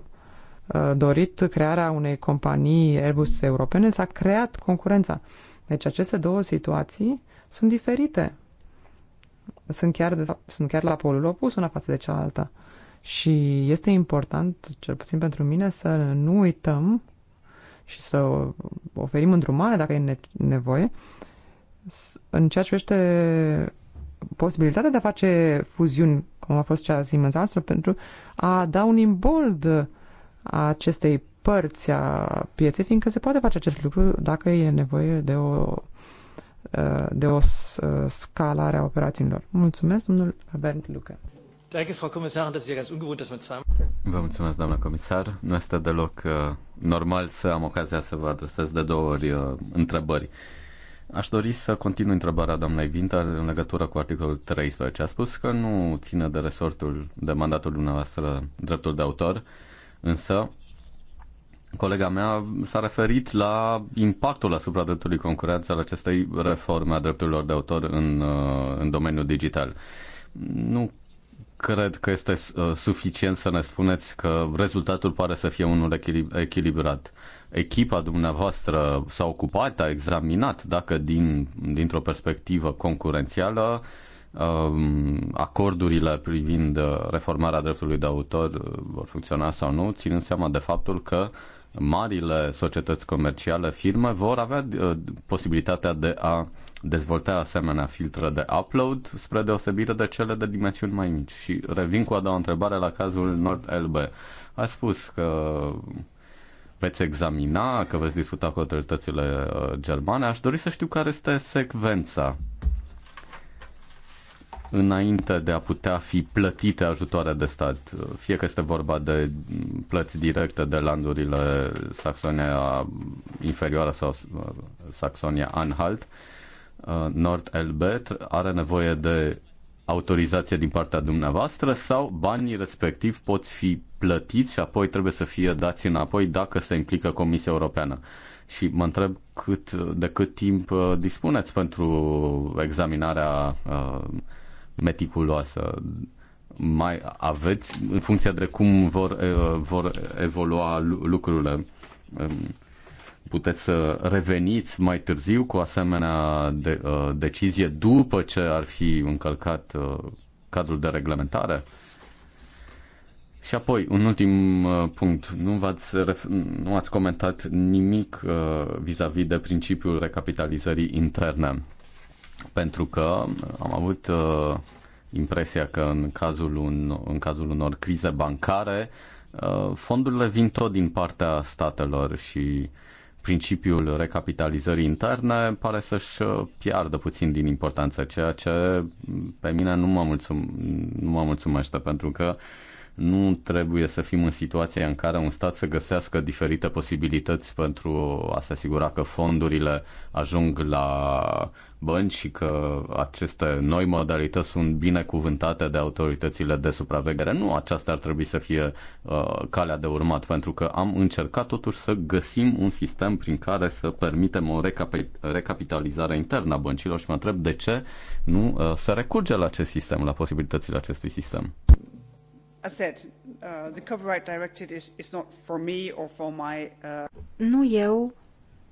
Speaker 3: dorit crearea unei companii Airbus europene, s-a creat concurența. Deci aceste două situații sunt diferite sunt chiar, de fapt, sunt chiar la polul opus una față de cealaltă. Și este important, cel puțin pentru mine, să nu uităm și să oferim îndrumare, dacă e nevoie, în ceea ce privește posibilitatea de a face fuziuni, cum a fost cea Siemens Armstrong, pentru a da un imbold acestei părți a pieței, fiindcă se poate face acest lucru dacă e nevoie de o Uh, de o uh, scalare a operațiunilor. Mulțumesc, domnul Bernd Luca.
Speaker 2: Vă mulțumesc, doamnă comisar. Nu este deloc uh, normal să am ocazia să vă adresez de două ori întrebări. Aș dori să continui întrebarea doamnei Vintar în legătură cu articolul 13. A spus că nu ține de resortul de mandatul dumneavoastră dreptul de autor, însă Colega mea s-a referit la impactul asupra dreptului concurenței al acestei reforme a drepturilor de autor în, uh, în domeniul digital. Nu cred că este uh, suficient să ne spuneți că rezultatul pare să fie unul echilibrat. Echipa dumneavoastră s-a ocupat, a examinat dacă din, dintr-o perspectivă concurențială um, acordurile privind uh, reformarea dreptului de autor vor funcționa sau nu, ținând seama de faptul că marile societăți comerciale, firme, vor avea uh, posibilitatea de a dezvolta asemenea filtre de upload spre deosebire de cele de dimensiuni mai mici. Și revin cu a doua întrebare la cazul Nord LB. A spus că veți examina, că veți discuta cu autoritățile uh, germane. Aș dori să știu care este secvența înainte de a putea fi plătite ajutoare de stat, fie că este vorba de plăți directe de landurile Saxonia inferioară sau uh, Saxonia-Anhalt, uh, nord Elbet are nevoie de autorizație din partea dumneavoastră sau banii respectiv pot fi plătiți și apoi trebuie să fie dați înapoi dacă se implică Comisia Europeană. Și mă întreb cât, de cât timp uh, dispuneți pentru examinarea uh, meticuloasă. Mai aveți, în funcție de cum vor, vor evolua lucrurile, puteți să reveniți mai târziu cu asemenea de, decizie după ce ar fi încălcat cadrul de reglementare? Și apoi, un ultim uh, punct. Nu, v-ați nu ați comentat nimic vis-a-vis uh, -vis de principiul recapitalizării interne pentru că uh, am avut uh, impresia că în cazul, un, în cazul unor crize bancare, uh, fondurile vin tot din partea statelor și principiul recapitalizării interne pare să-și uh, piardă puțin din importanță, ceea ce pe mine nu mă, mulțum- nu mă mulțumește, pentru că uh, nu trebuie să fim în situația în care un stat să găsească diferite posibilități pentru a se asigura că fondurile ajung la bănci și că aceste noi modalități sunt binecuvântate de autoritățile de supraveghere. Nu aceasta ar trebui să fie uh, calea de urmat, pentru că am încercat totuși să găsim un sistem prin care să permitem o recap- recapitalizare internă a băncilor și mă întreb de ce nu uh, să recurge la acest sistem, la posibilitățile acestui sistem
Speaker 3: said, uh, the copyright directive is, is not for me or for my... Uh... Nu
Speaker 1: eu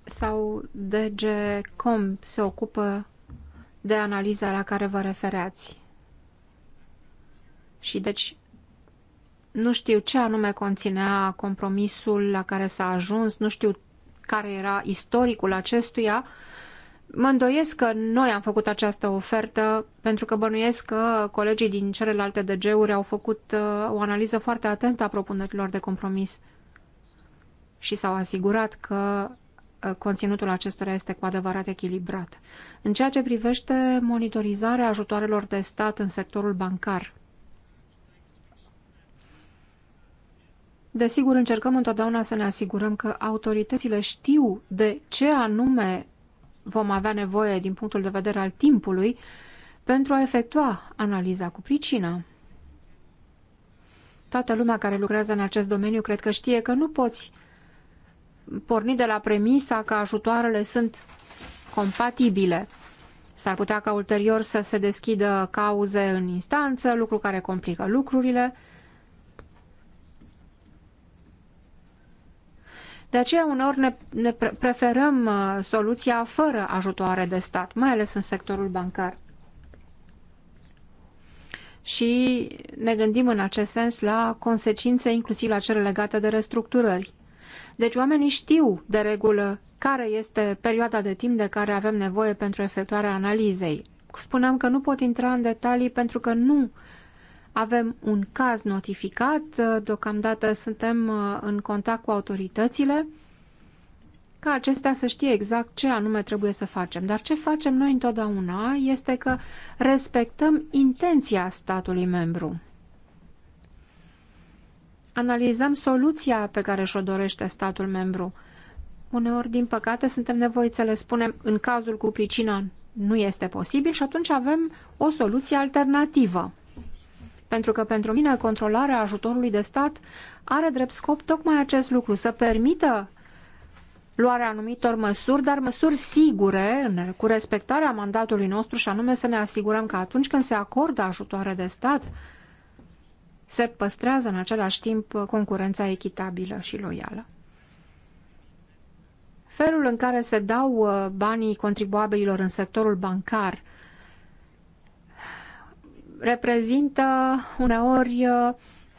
Speaker 1: sau DG Com se ocupă de analiza la care vă refereați. Și deci nu știu ce anume conținea compromisul la care s-a ajuns, nu știu care era istoricul acestuia, uh, Mă îndoiesc că noi am făcut această ofertă, pentru că bănuiesc că colegii din celelalte DG-uri au făcut uh, o analiză foarte atentă a propunerilor de compromis și s-au asigurat că uh, conținutul acestora este cu adevărat echilibrat. În ceea ce privește monitorizarea ajutoarelor de stat în sectorul bancar, Desigur, încercăm întotdeauna să ne asigurăm că autoritățile știu de ce anume vom avea nevoie din punctul de vedere al timpului pentru a efectua analiza cu pricină. Toată lumea care lucrează în acest domeniu cred că știe că nu poți porni de la premisa că ajutoarele sunt compatibile. S-ar putea ca ulterior să se deschidă cauze în instanță, lucru care complică lucrurile, De aceea uneori ne, ne preferăm uh, soluția fără ajutoare de stat, mai ales în sectorul bancar. Și ne gândim în acest sens la consecințe, inclusiv la cele legate de restructurări. Deci oamenii știu de regulă care este perioada de timp de care avem nevoie pentru efectuarea analizei. Spuneam că nu pot intra în detalii pentru că nu avem un caz notificat, deocamdată suntem uh, în contact cu autoritățile, ca acestea să știe exact ce anume trebuie să facem. Dar ce facem noi întotdeauna este că respectăm intenția statului membru. Analizăm soluția pe care și-o dorește statul membru. Uneori, din păcate, suntem nevoiți să le spunem în cazul cu pricina nu este posibil și atunci avem o soluție alternativă. Pentru că pentru mine controlarea ajutorului de stat are drept scop tocmai acest lucru, să permită luarea anumitor măsuri, dar măsuri sigure, cu respectarea mandatului nostru și anume să ne asigurăm că atunci când se acordă ajutoare de stat, se păstrează în același timp concurența echitabilă și loială. Felul în care se dau uh, banii contribuabililor în sectorul bancar reprezintă uneori uh,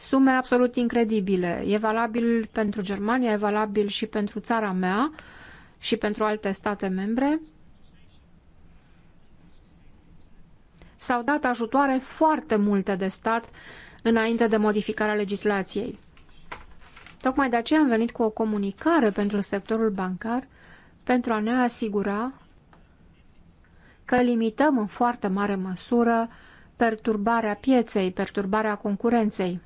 Speaker 1: sume absolut incredibile. E valabil pentru Germania, e valabil și pentru țara mea și pentru alte state membre. S-au dat ajutoare foarte multe de stat înainte de modificarea legislației. Tocmai de aceea am venit cu o comunicare pentru sectorul bancar pentru a ne asigura că limităm în foarte mare măsură perturbarea pieței, perturbarea concurenței.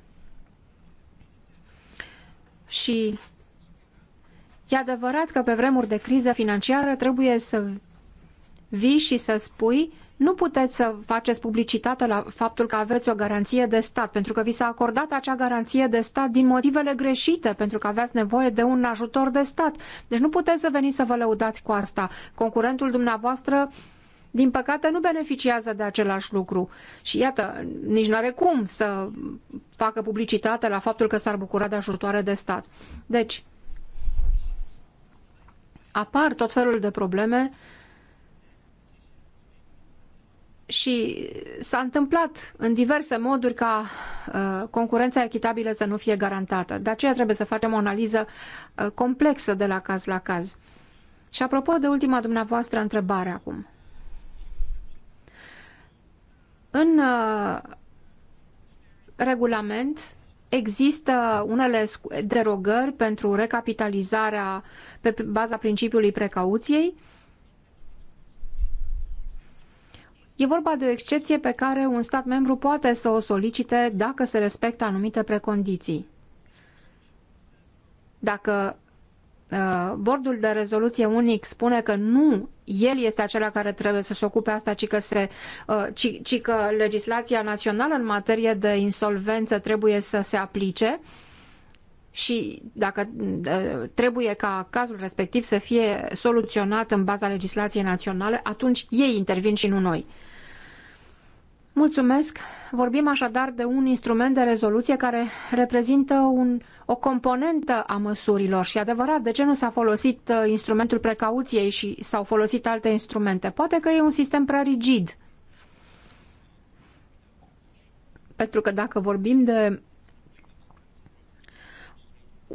Speaker 1: Și e adevărat că pe vremuri de criză financiară trebuie să vii și să spui nu puteți să faceți publicitate la faptul că aveți o garanție de stat, pentru că vi s-a acordat acea garanție de stat din motivele greșite, pentru că aveați nevoie de un ajutor de stat. Deci nu puteți să veniți să vă lăudați cu asta. Concurentul dumneavoastră din păcate, nu beneficiază de același lucru. Și iată, nici nu are cum să facă publicitate la faptul că s-ar bucura de ajutoare de stat. Deci, apar tot felul de probleme și s-a întâmplat în diverse moduri ca uh, concurența echitabilă să nu fie garantată. De aceea trebuie să facem o analiză uh, complexă de la caz la caz. Și apropo de ultima dumneavoastră întrebare acum. În uh, regulament există unele derogări pentru recapitalizarea pe baza principiului precauției. E vorba de o excepție pe care un stat membru poate să o solicite dacă se respectă anumite precondiții. Dacă Uh, bordul de rezoluție unic spune că nu el este acela care trebuie să se ocupe asta, ci că, se, uh, ci, ci că legislația națională în materie de insolvență trebuie să se aplice și dacă uh, trebuie ca cazul respectiv să fie soluționat în baza legislației naționale, atunci ei intervin și nu noi. Mulțumesc. Vorbim așadar de un instrument de rezoluție care reprezintă un, o componentă a măsurilor și adevărat, de ce nu s-a folosit uh, instrumentul precauției și s-au folosit alte instrumente? Poate că e un sistem prea rigid. Pentru că dacă vorbim de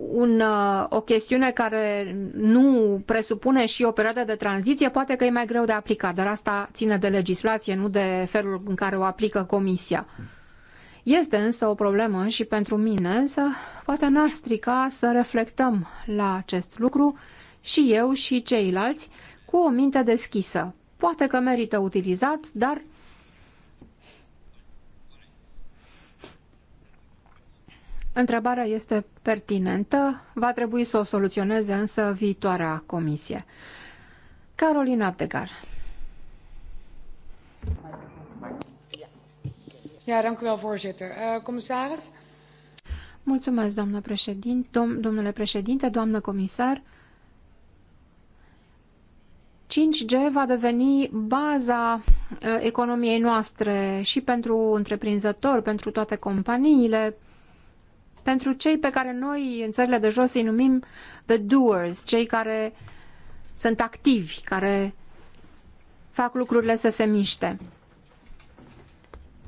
Speaker 1: un, uh, o chestiune care nu presupune și o perioadă de tranziție, poate că e mai greu de aplicat, dar asta ține de legislație, nu de felul în care o aplică Comisia. Este însă o problemă și pentru mine, însă poate n-ar strica să reflectăm la acest lucru și eu și ceilalți cu o minte deschisă. Poate că merită utilizat, dar Întrebarea este pertinentă, va trebui să o soluționeze însă viitoarea comisie. Carolina Abdegar.
Speaker 3: Ja, dank u wel, voorzitter. Uh, commissaris?
Speaker 1: Mulțumesc, doamnă președinte, dom domnule președinte, doamnă comisar. 5G va deveni baza eh, economiei noastre și pentru întreprinzători, pentru toate companiile, pentru cei pe care noi în țările de jos îi numim the doers, cei care sunt activi, care fac lucrurile să se miște.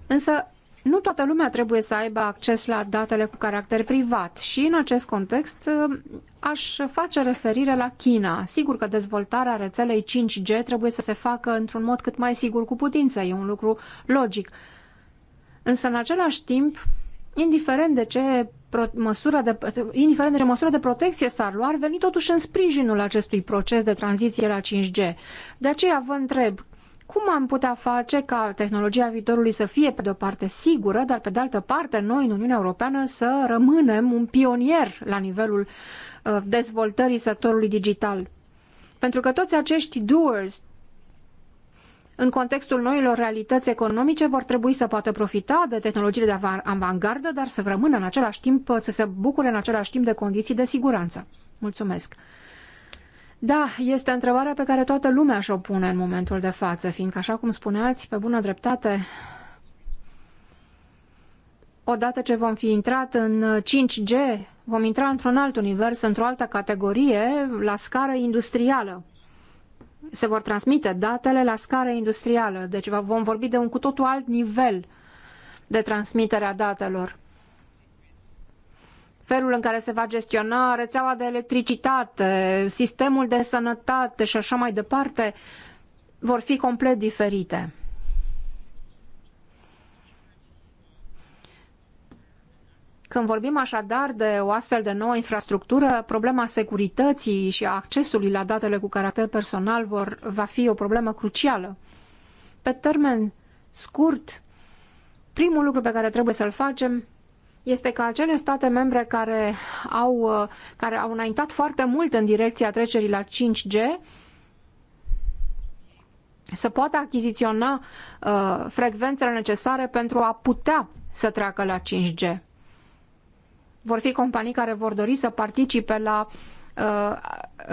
Speaker 1: Însă, nu toată lumea trebuie să aibă acces la datele cu caracter privat și în acest context aș face referire la China. Sigur că dezvoltarea rețelei 5G trebuie să se facă într-un mod cât mai sigur cu putință, e un lucru logic. Însă în același timp, indiferent de ce măsură de, indiferent de ce măsură de protecție s-ar lua, ar veni totuși în sprijinul acestui proces de tranziție la 5G. De aceea vă întreb, cum am putea face ca tehnologia viitorului să fie, pe de o parte, sigură, dar, pe de altă parte, noi, în Uniunea Europeană, să rămânem un pionier la nivelul uh, dezvoltării sectorului digital? Pentru că toți acești doers, în contextul noilor realități economice, vor trebui să poată profita de tehnologiile de avangardă, dar să rămână în același timp, să se bucure în același timp de condiții de siguranță. Mulțumesc! Da, este întrebarea pe care toată lumea și-o pune în momentul de față, fiindcă, așa cum spuneați, pe bună dreptate, odată ce vom fi intrat în 5G, vom intra într-un alt univers, într-o altă categorie, la scară industrială se vor transmite datele la scară industrială, deci vom vorbi de un cu totul alt nivel de transmitere a datelor. Felul în care se va gestiona rețeaua de electricitate, sistemul de sănătate și așa mai departe vor fi complet diferite. Când vorbim așadar de o astfel de nouă infrastructură, problema securității și a accesului la datele cu caracter personal vor, va fi o problemă crucială. Pe termen scurt, primul lucru pe care trebuie să-l facem este că acele state membre care au, uh, care au înaintat foarte mult în direcția trecerii la 5G să poată achiziționa uh, frecvențele necesare pentru a putea să treacă la 5G vor fi companii care vor dori să participe la uh,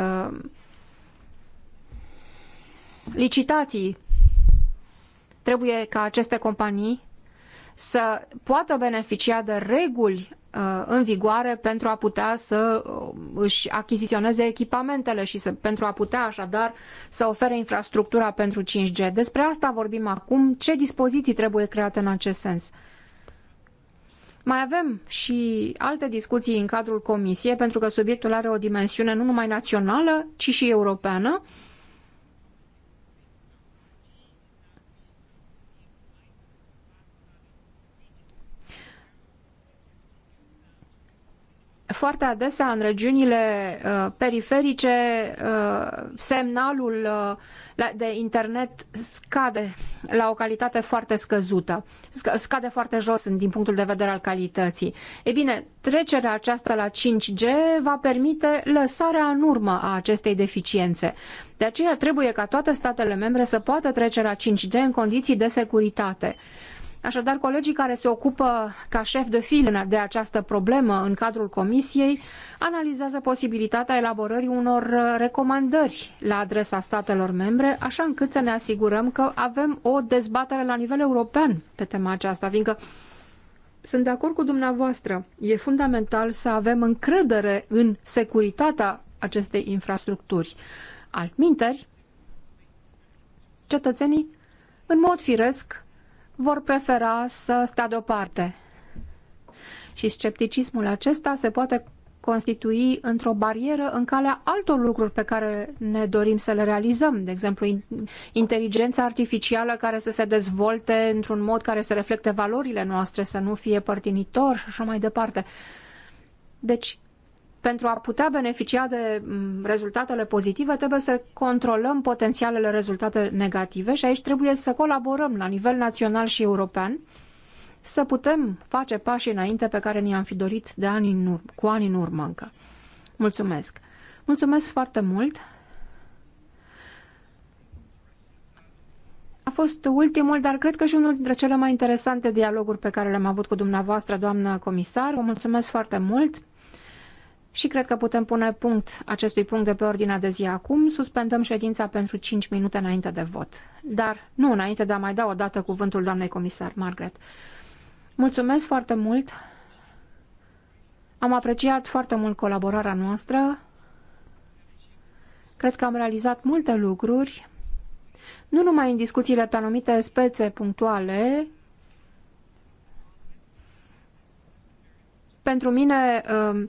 Speaker 1: uh, licitații. Trebuie ca aceste companii să poată beneficia de reguli uh, în vigoare pentru a putea să uh, își achiziționeze echipamentele și să, pentru a putea așadar să ofere infrastructura pentru 5G. Despre asta vorbim acum, ce dispoziții trebuie create în acest sens. Uh, mai avem și alte discuții în cadrul comisiei, pentru că subiectul are o dimensiune nu numai națională, ci și europeană foarte adesea în regiunile uh, periferice uh, semnalul uh, de internet scade la o calitate foarte scăzută, scade foarte jos din punctul de vedere al calității. Ei bine, trecerea aceasta la 5G va permite lăsarea în urmă a acestei deficiențe. De aceea trebuie ca toate statele membre să poată trece la 5G în condiții de securitate. Așadar, colegii care se ocupă ca șef de fil de această problemă în cadrul comisiei analizează posibilitatea elaborării unor uh, recomandări la adresa statelor membre, așa încât să ne asigurăm că avem o dezbatere la nivel european pe tema aceasta, fiindcă sunt de acord cu dumneavoastră. E fundamental să avem încredere în securitatea acestei infrastructuri. Altminteri, cetățenii, în mod firesc, vor prefera să stea deoparte. Și scepticismul acesta se poate constitui într-o barieră în calea altor lucruri pe care ne dorim să le realizăm, de exemplu inteligența artificială care să se dezvolte într-un mod care să reflecte valorile noastre, să nu fie părtinitor și așa mai departe. Deci, pentru a putea beneficia de mm, rezultatele pozitive, trebuie să controlăm potențialele rezultate negative și aici trebuie să colaborăm la nivel național și european să putem face pașii înainte pe care ni-am fi dorit de ani în urmă, cu ani în urmă încă. Mulțumesc! Mulțumesc foarte mult! A fost ultimul, dar cred că și unul dintre cele mai interesante dialoguri pe care le-am avut cu dumneavoastră, doamnă comisar. Vă mulțumesc foarte mult! Și cred că putem pune punct acestui punct de pe ordinea de zi acum. Suspendăm ședința pentru 5 minute înainte de vot. Dar nu înainte de a mai da o dată cuvântul doamnei comisar Margaret. Mulțumesc foarte mult. Am apreciat foarte mult colaborarea noastră. Cred că am realizat multe lucruri, nu numai în discuțiile pe anumite spețe punctuale, pentru mine uh,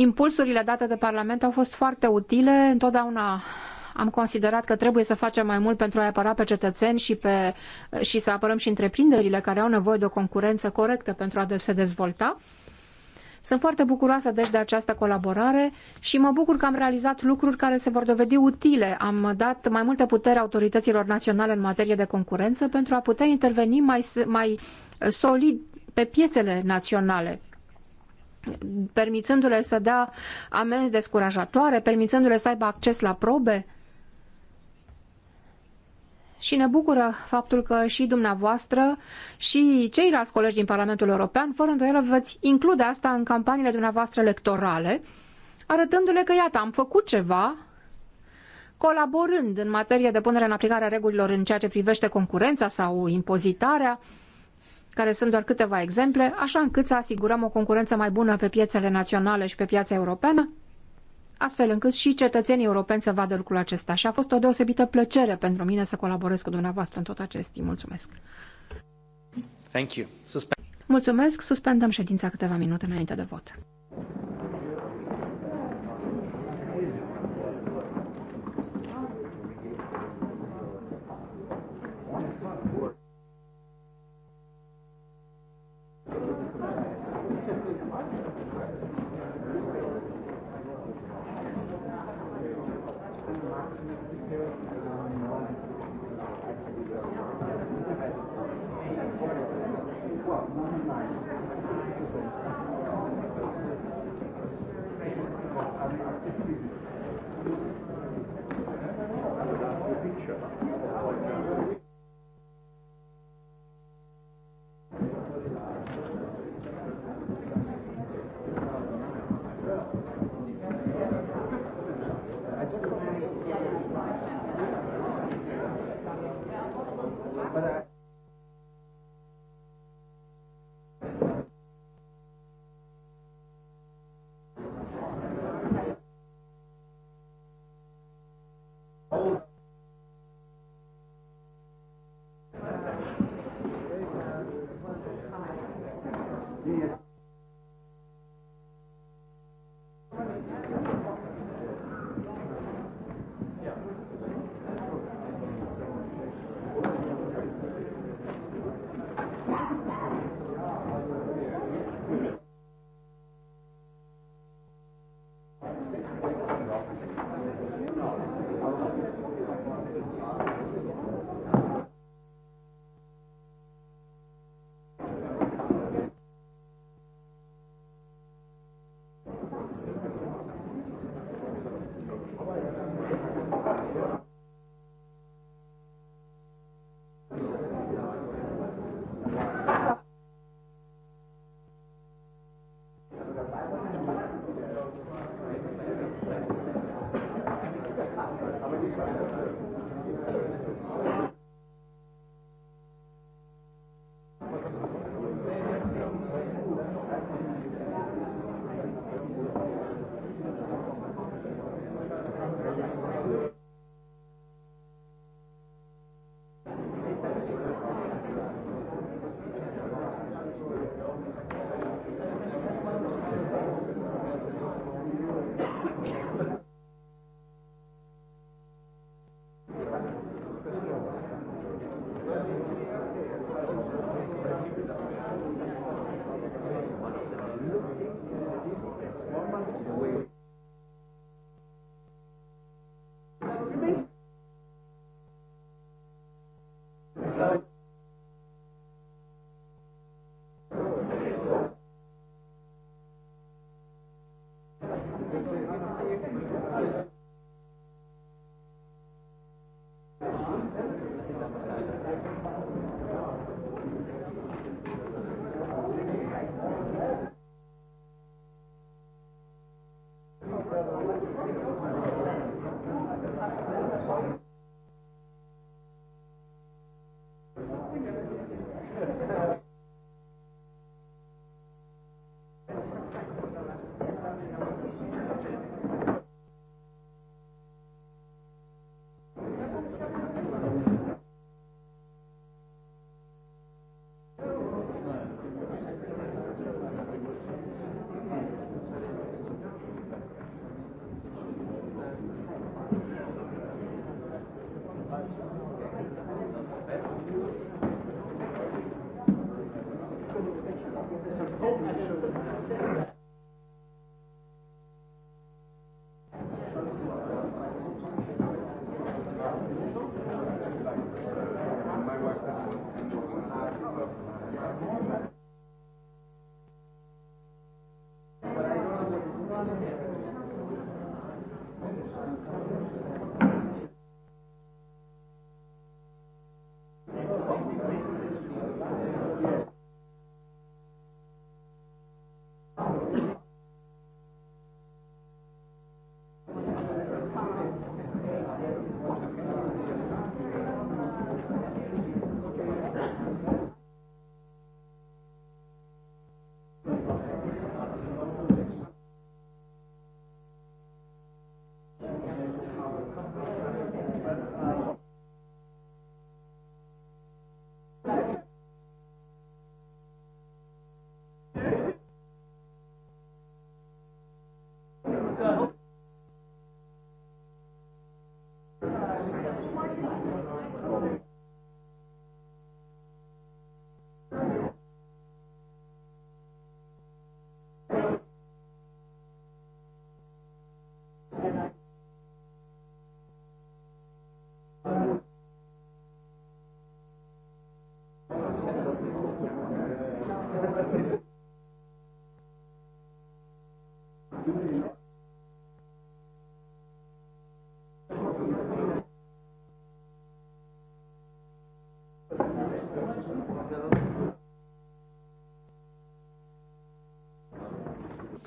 Speaker 1: Impulsurile date de Parlament au fost foarte utile. Întotdeauna am considerat că trebuie să facem mai mult pentru a apăra pe cetățeni și, pe, și să apărăm și întreprinderile care au nevoie de o concurență corectă pentru a se dezvolta. Sunt foarte bucuroasă deci de această colaborare și mă bucur că am realizat lucruri care se vor dovedi utile. Am dat mai multă putere autorităților naționale în materie de concurență pentru a putea interveni mai, mai solid pe piețele naționale permițându-le să dea amenzi descurajatoare, permițându-le să aibă acces la probe. Și ne bucură faptul că și dumneavoastră și ceilalți colegi din Parlamentul European, fără îndoială, veți include asta în campaniile dumneavoastră electorale, arătându-le că, iată, am făcut ceva colaborând în materie de punere în aplicare a regulilor în ceea ce privește concurența sau impozitarea, care sunt doar câteva exemple, așa încât să asigurăm o concurență mai bună pe piețele naționale și pe piața europeană, astfel încât și cetățenii europeni să vadă lucrul acesta. Și a fost o deosebită plăcere pentru mine să colaborez cu dumneavoastră în tot acest timp. Mulțumesc! Thank you. Suspend. Mulțumesc! Suspendăm ședința câteva minute înainte de vot.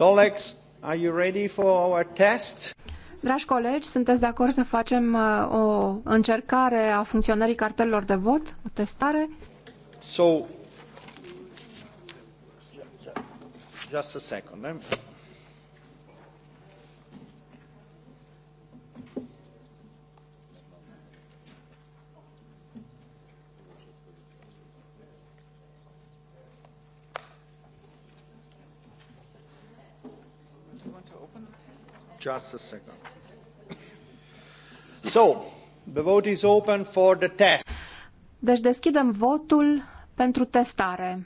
Speaker 3: Colleagues, are you ready for our test?
Speaker 1: Dragi colegi, sunteți de acord să facem uh, o încercare a funcționării cartelor de vot, o testare?
Speaker 3: So, just a second. Eh?
Speaker 1: Just a second.
Speaker 3: So, the vote is open for the test.
Speaker 1: Deci deschidem votul pentru testare.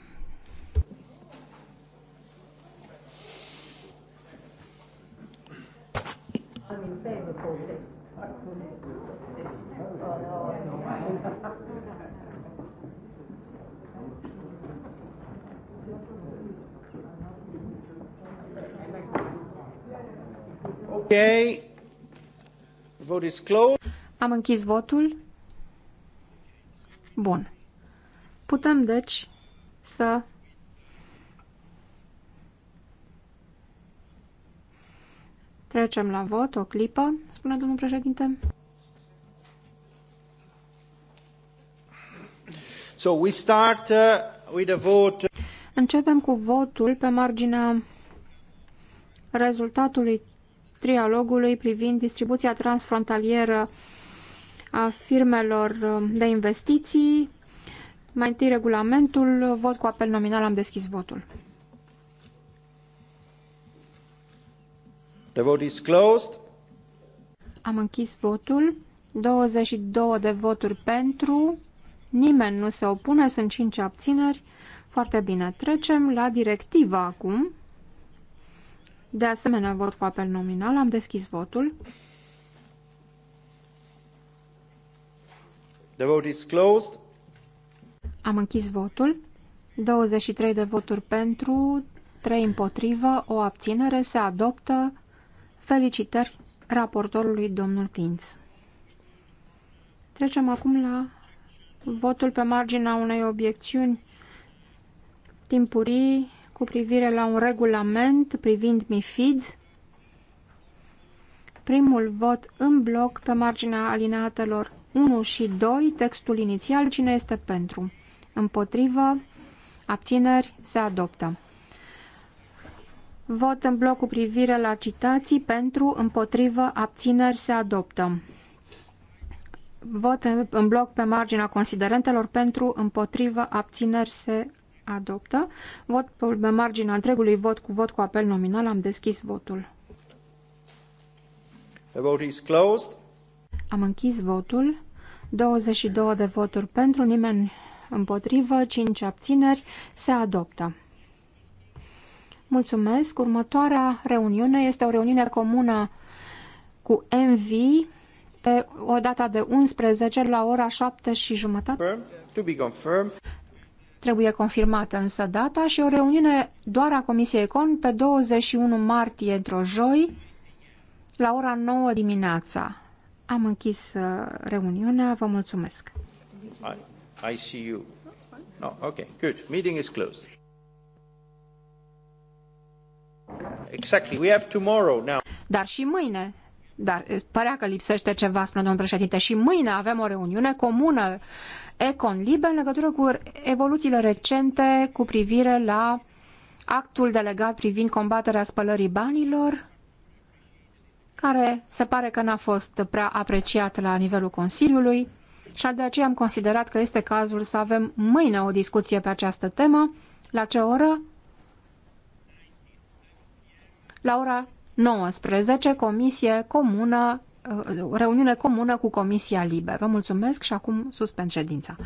Speaker 1: Am închis votul. Bun. Putem, deci, să trecem la vot o clipă, spune domnul președinte.
Speaker 3: So we start
Speaker 1: uh, with a vote. Începem cu votul pe marginea rezultatului trialogului privind distribuția transfrontalieră a firmelor de investiții. Mai întâi regulamentul, vot cu apel nominal, am deschis votul. The vote is closed. Am închis votul. 22 de voturi pentru, nimeni nu se opune, sunt 5 abțineri. Foarte bine, trecem la directiva acum. De asemenea, vot cu apel nominal. Am deschis votul. The vote is closed. Am închis votul. 23 de voturi pentru, 3 împotrivă, o abținere se adoptă. Felicitări raportorului domnul Clintz. Trecem acum la votul pe marginea unei obiecțiuni timpurii cu privire la un regulament privind MIFID. Primul vot în bloc pe marginea alineatelor 1 și 2, textul inițial, cine este pentru? Împotrivă, abțineri, se adoptă. Vot în bloc cu privire la citații, pentru, împotrivă, abțineri, se adoptă. Vot în bloc pe marginea considerentelor pentru, împotrivă, abțineri se adoptă. Vot pe marginea întregului vot cu vot cu apel nominal. Am deschis votul. The vote is closed. Am închis votul. 22 de voturi pentru, nimeni împotrivă, 5 abțineri. Se adoptă. Mulțumesc. Următoarea reuniune este o reuniune comună cu MV pe o data de 11 la ora 7 și jumătate. Trebuie confirmată însă data și o reuniune doar a Comisiei Econ pe 21 martie, într-o joi, la ora 9 dimineața. Am închis uh, reuniunea, vă mulțumesc.
Speaker 2: I, I see you. No, okay, good. Meeting is closed.
Speaker 3: Exactly. We have tomorrow now.
Speaker 1: Dar și mâine dar eh, părea că lipsește ceva, spune domnul președinte. Și mâine avem o reuniune comună Econ liber în legătură cu evoluțiile recente cu privire la actul delegat privind combaterea spălării banilor, care se pare că n-a fost prea apreciat la nivelul Consiliului și de aceea am considerat că este cazul să avem mâine o discuție pe această temă. La ce oră? La ora 19, comisie comună, uh, reuniune comună cu Comisia Libe. Vă mulțumesc și acum suspend ședința.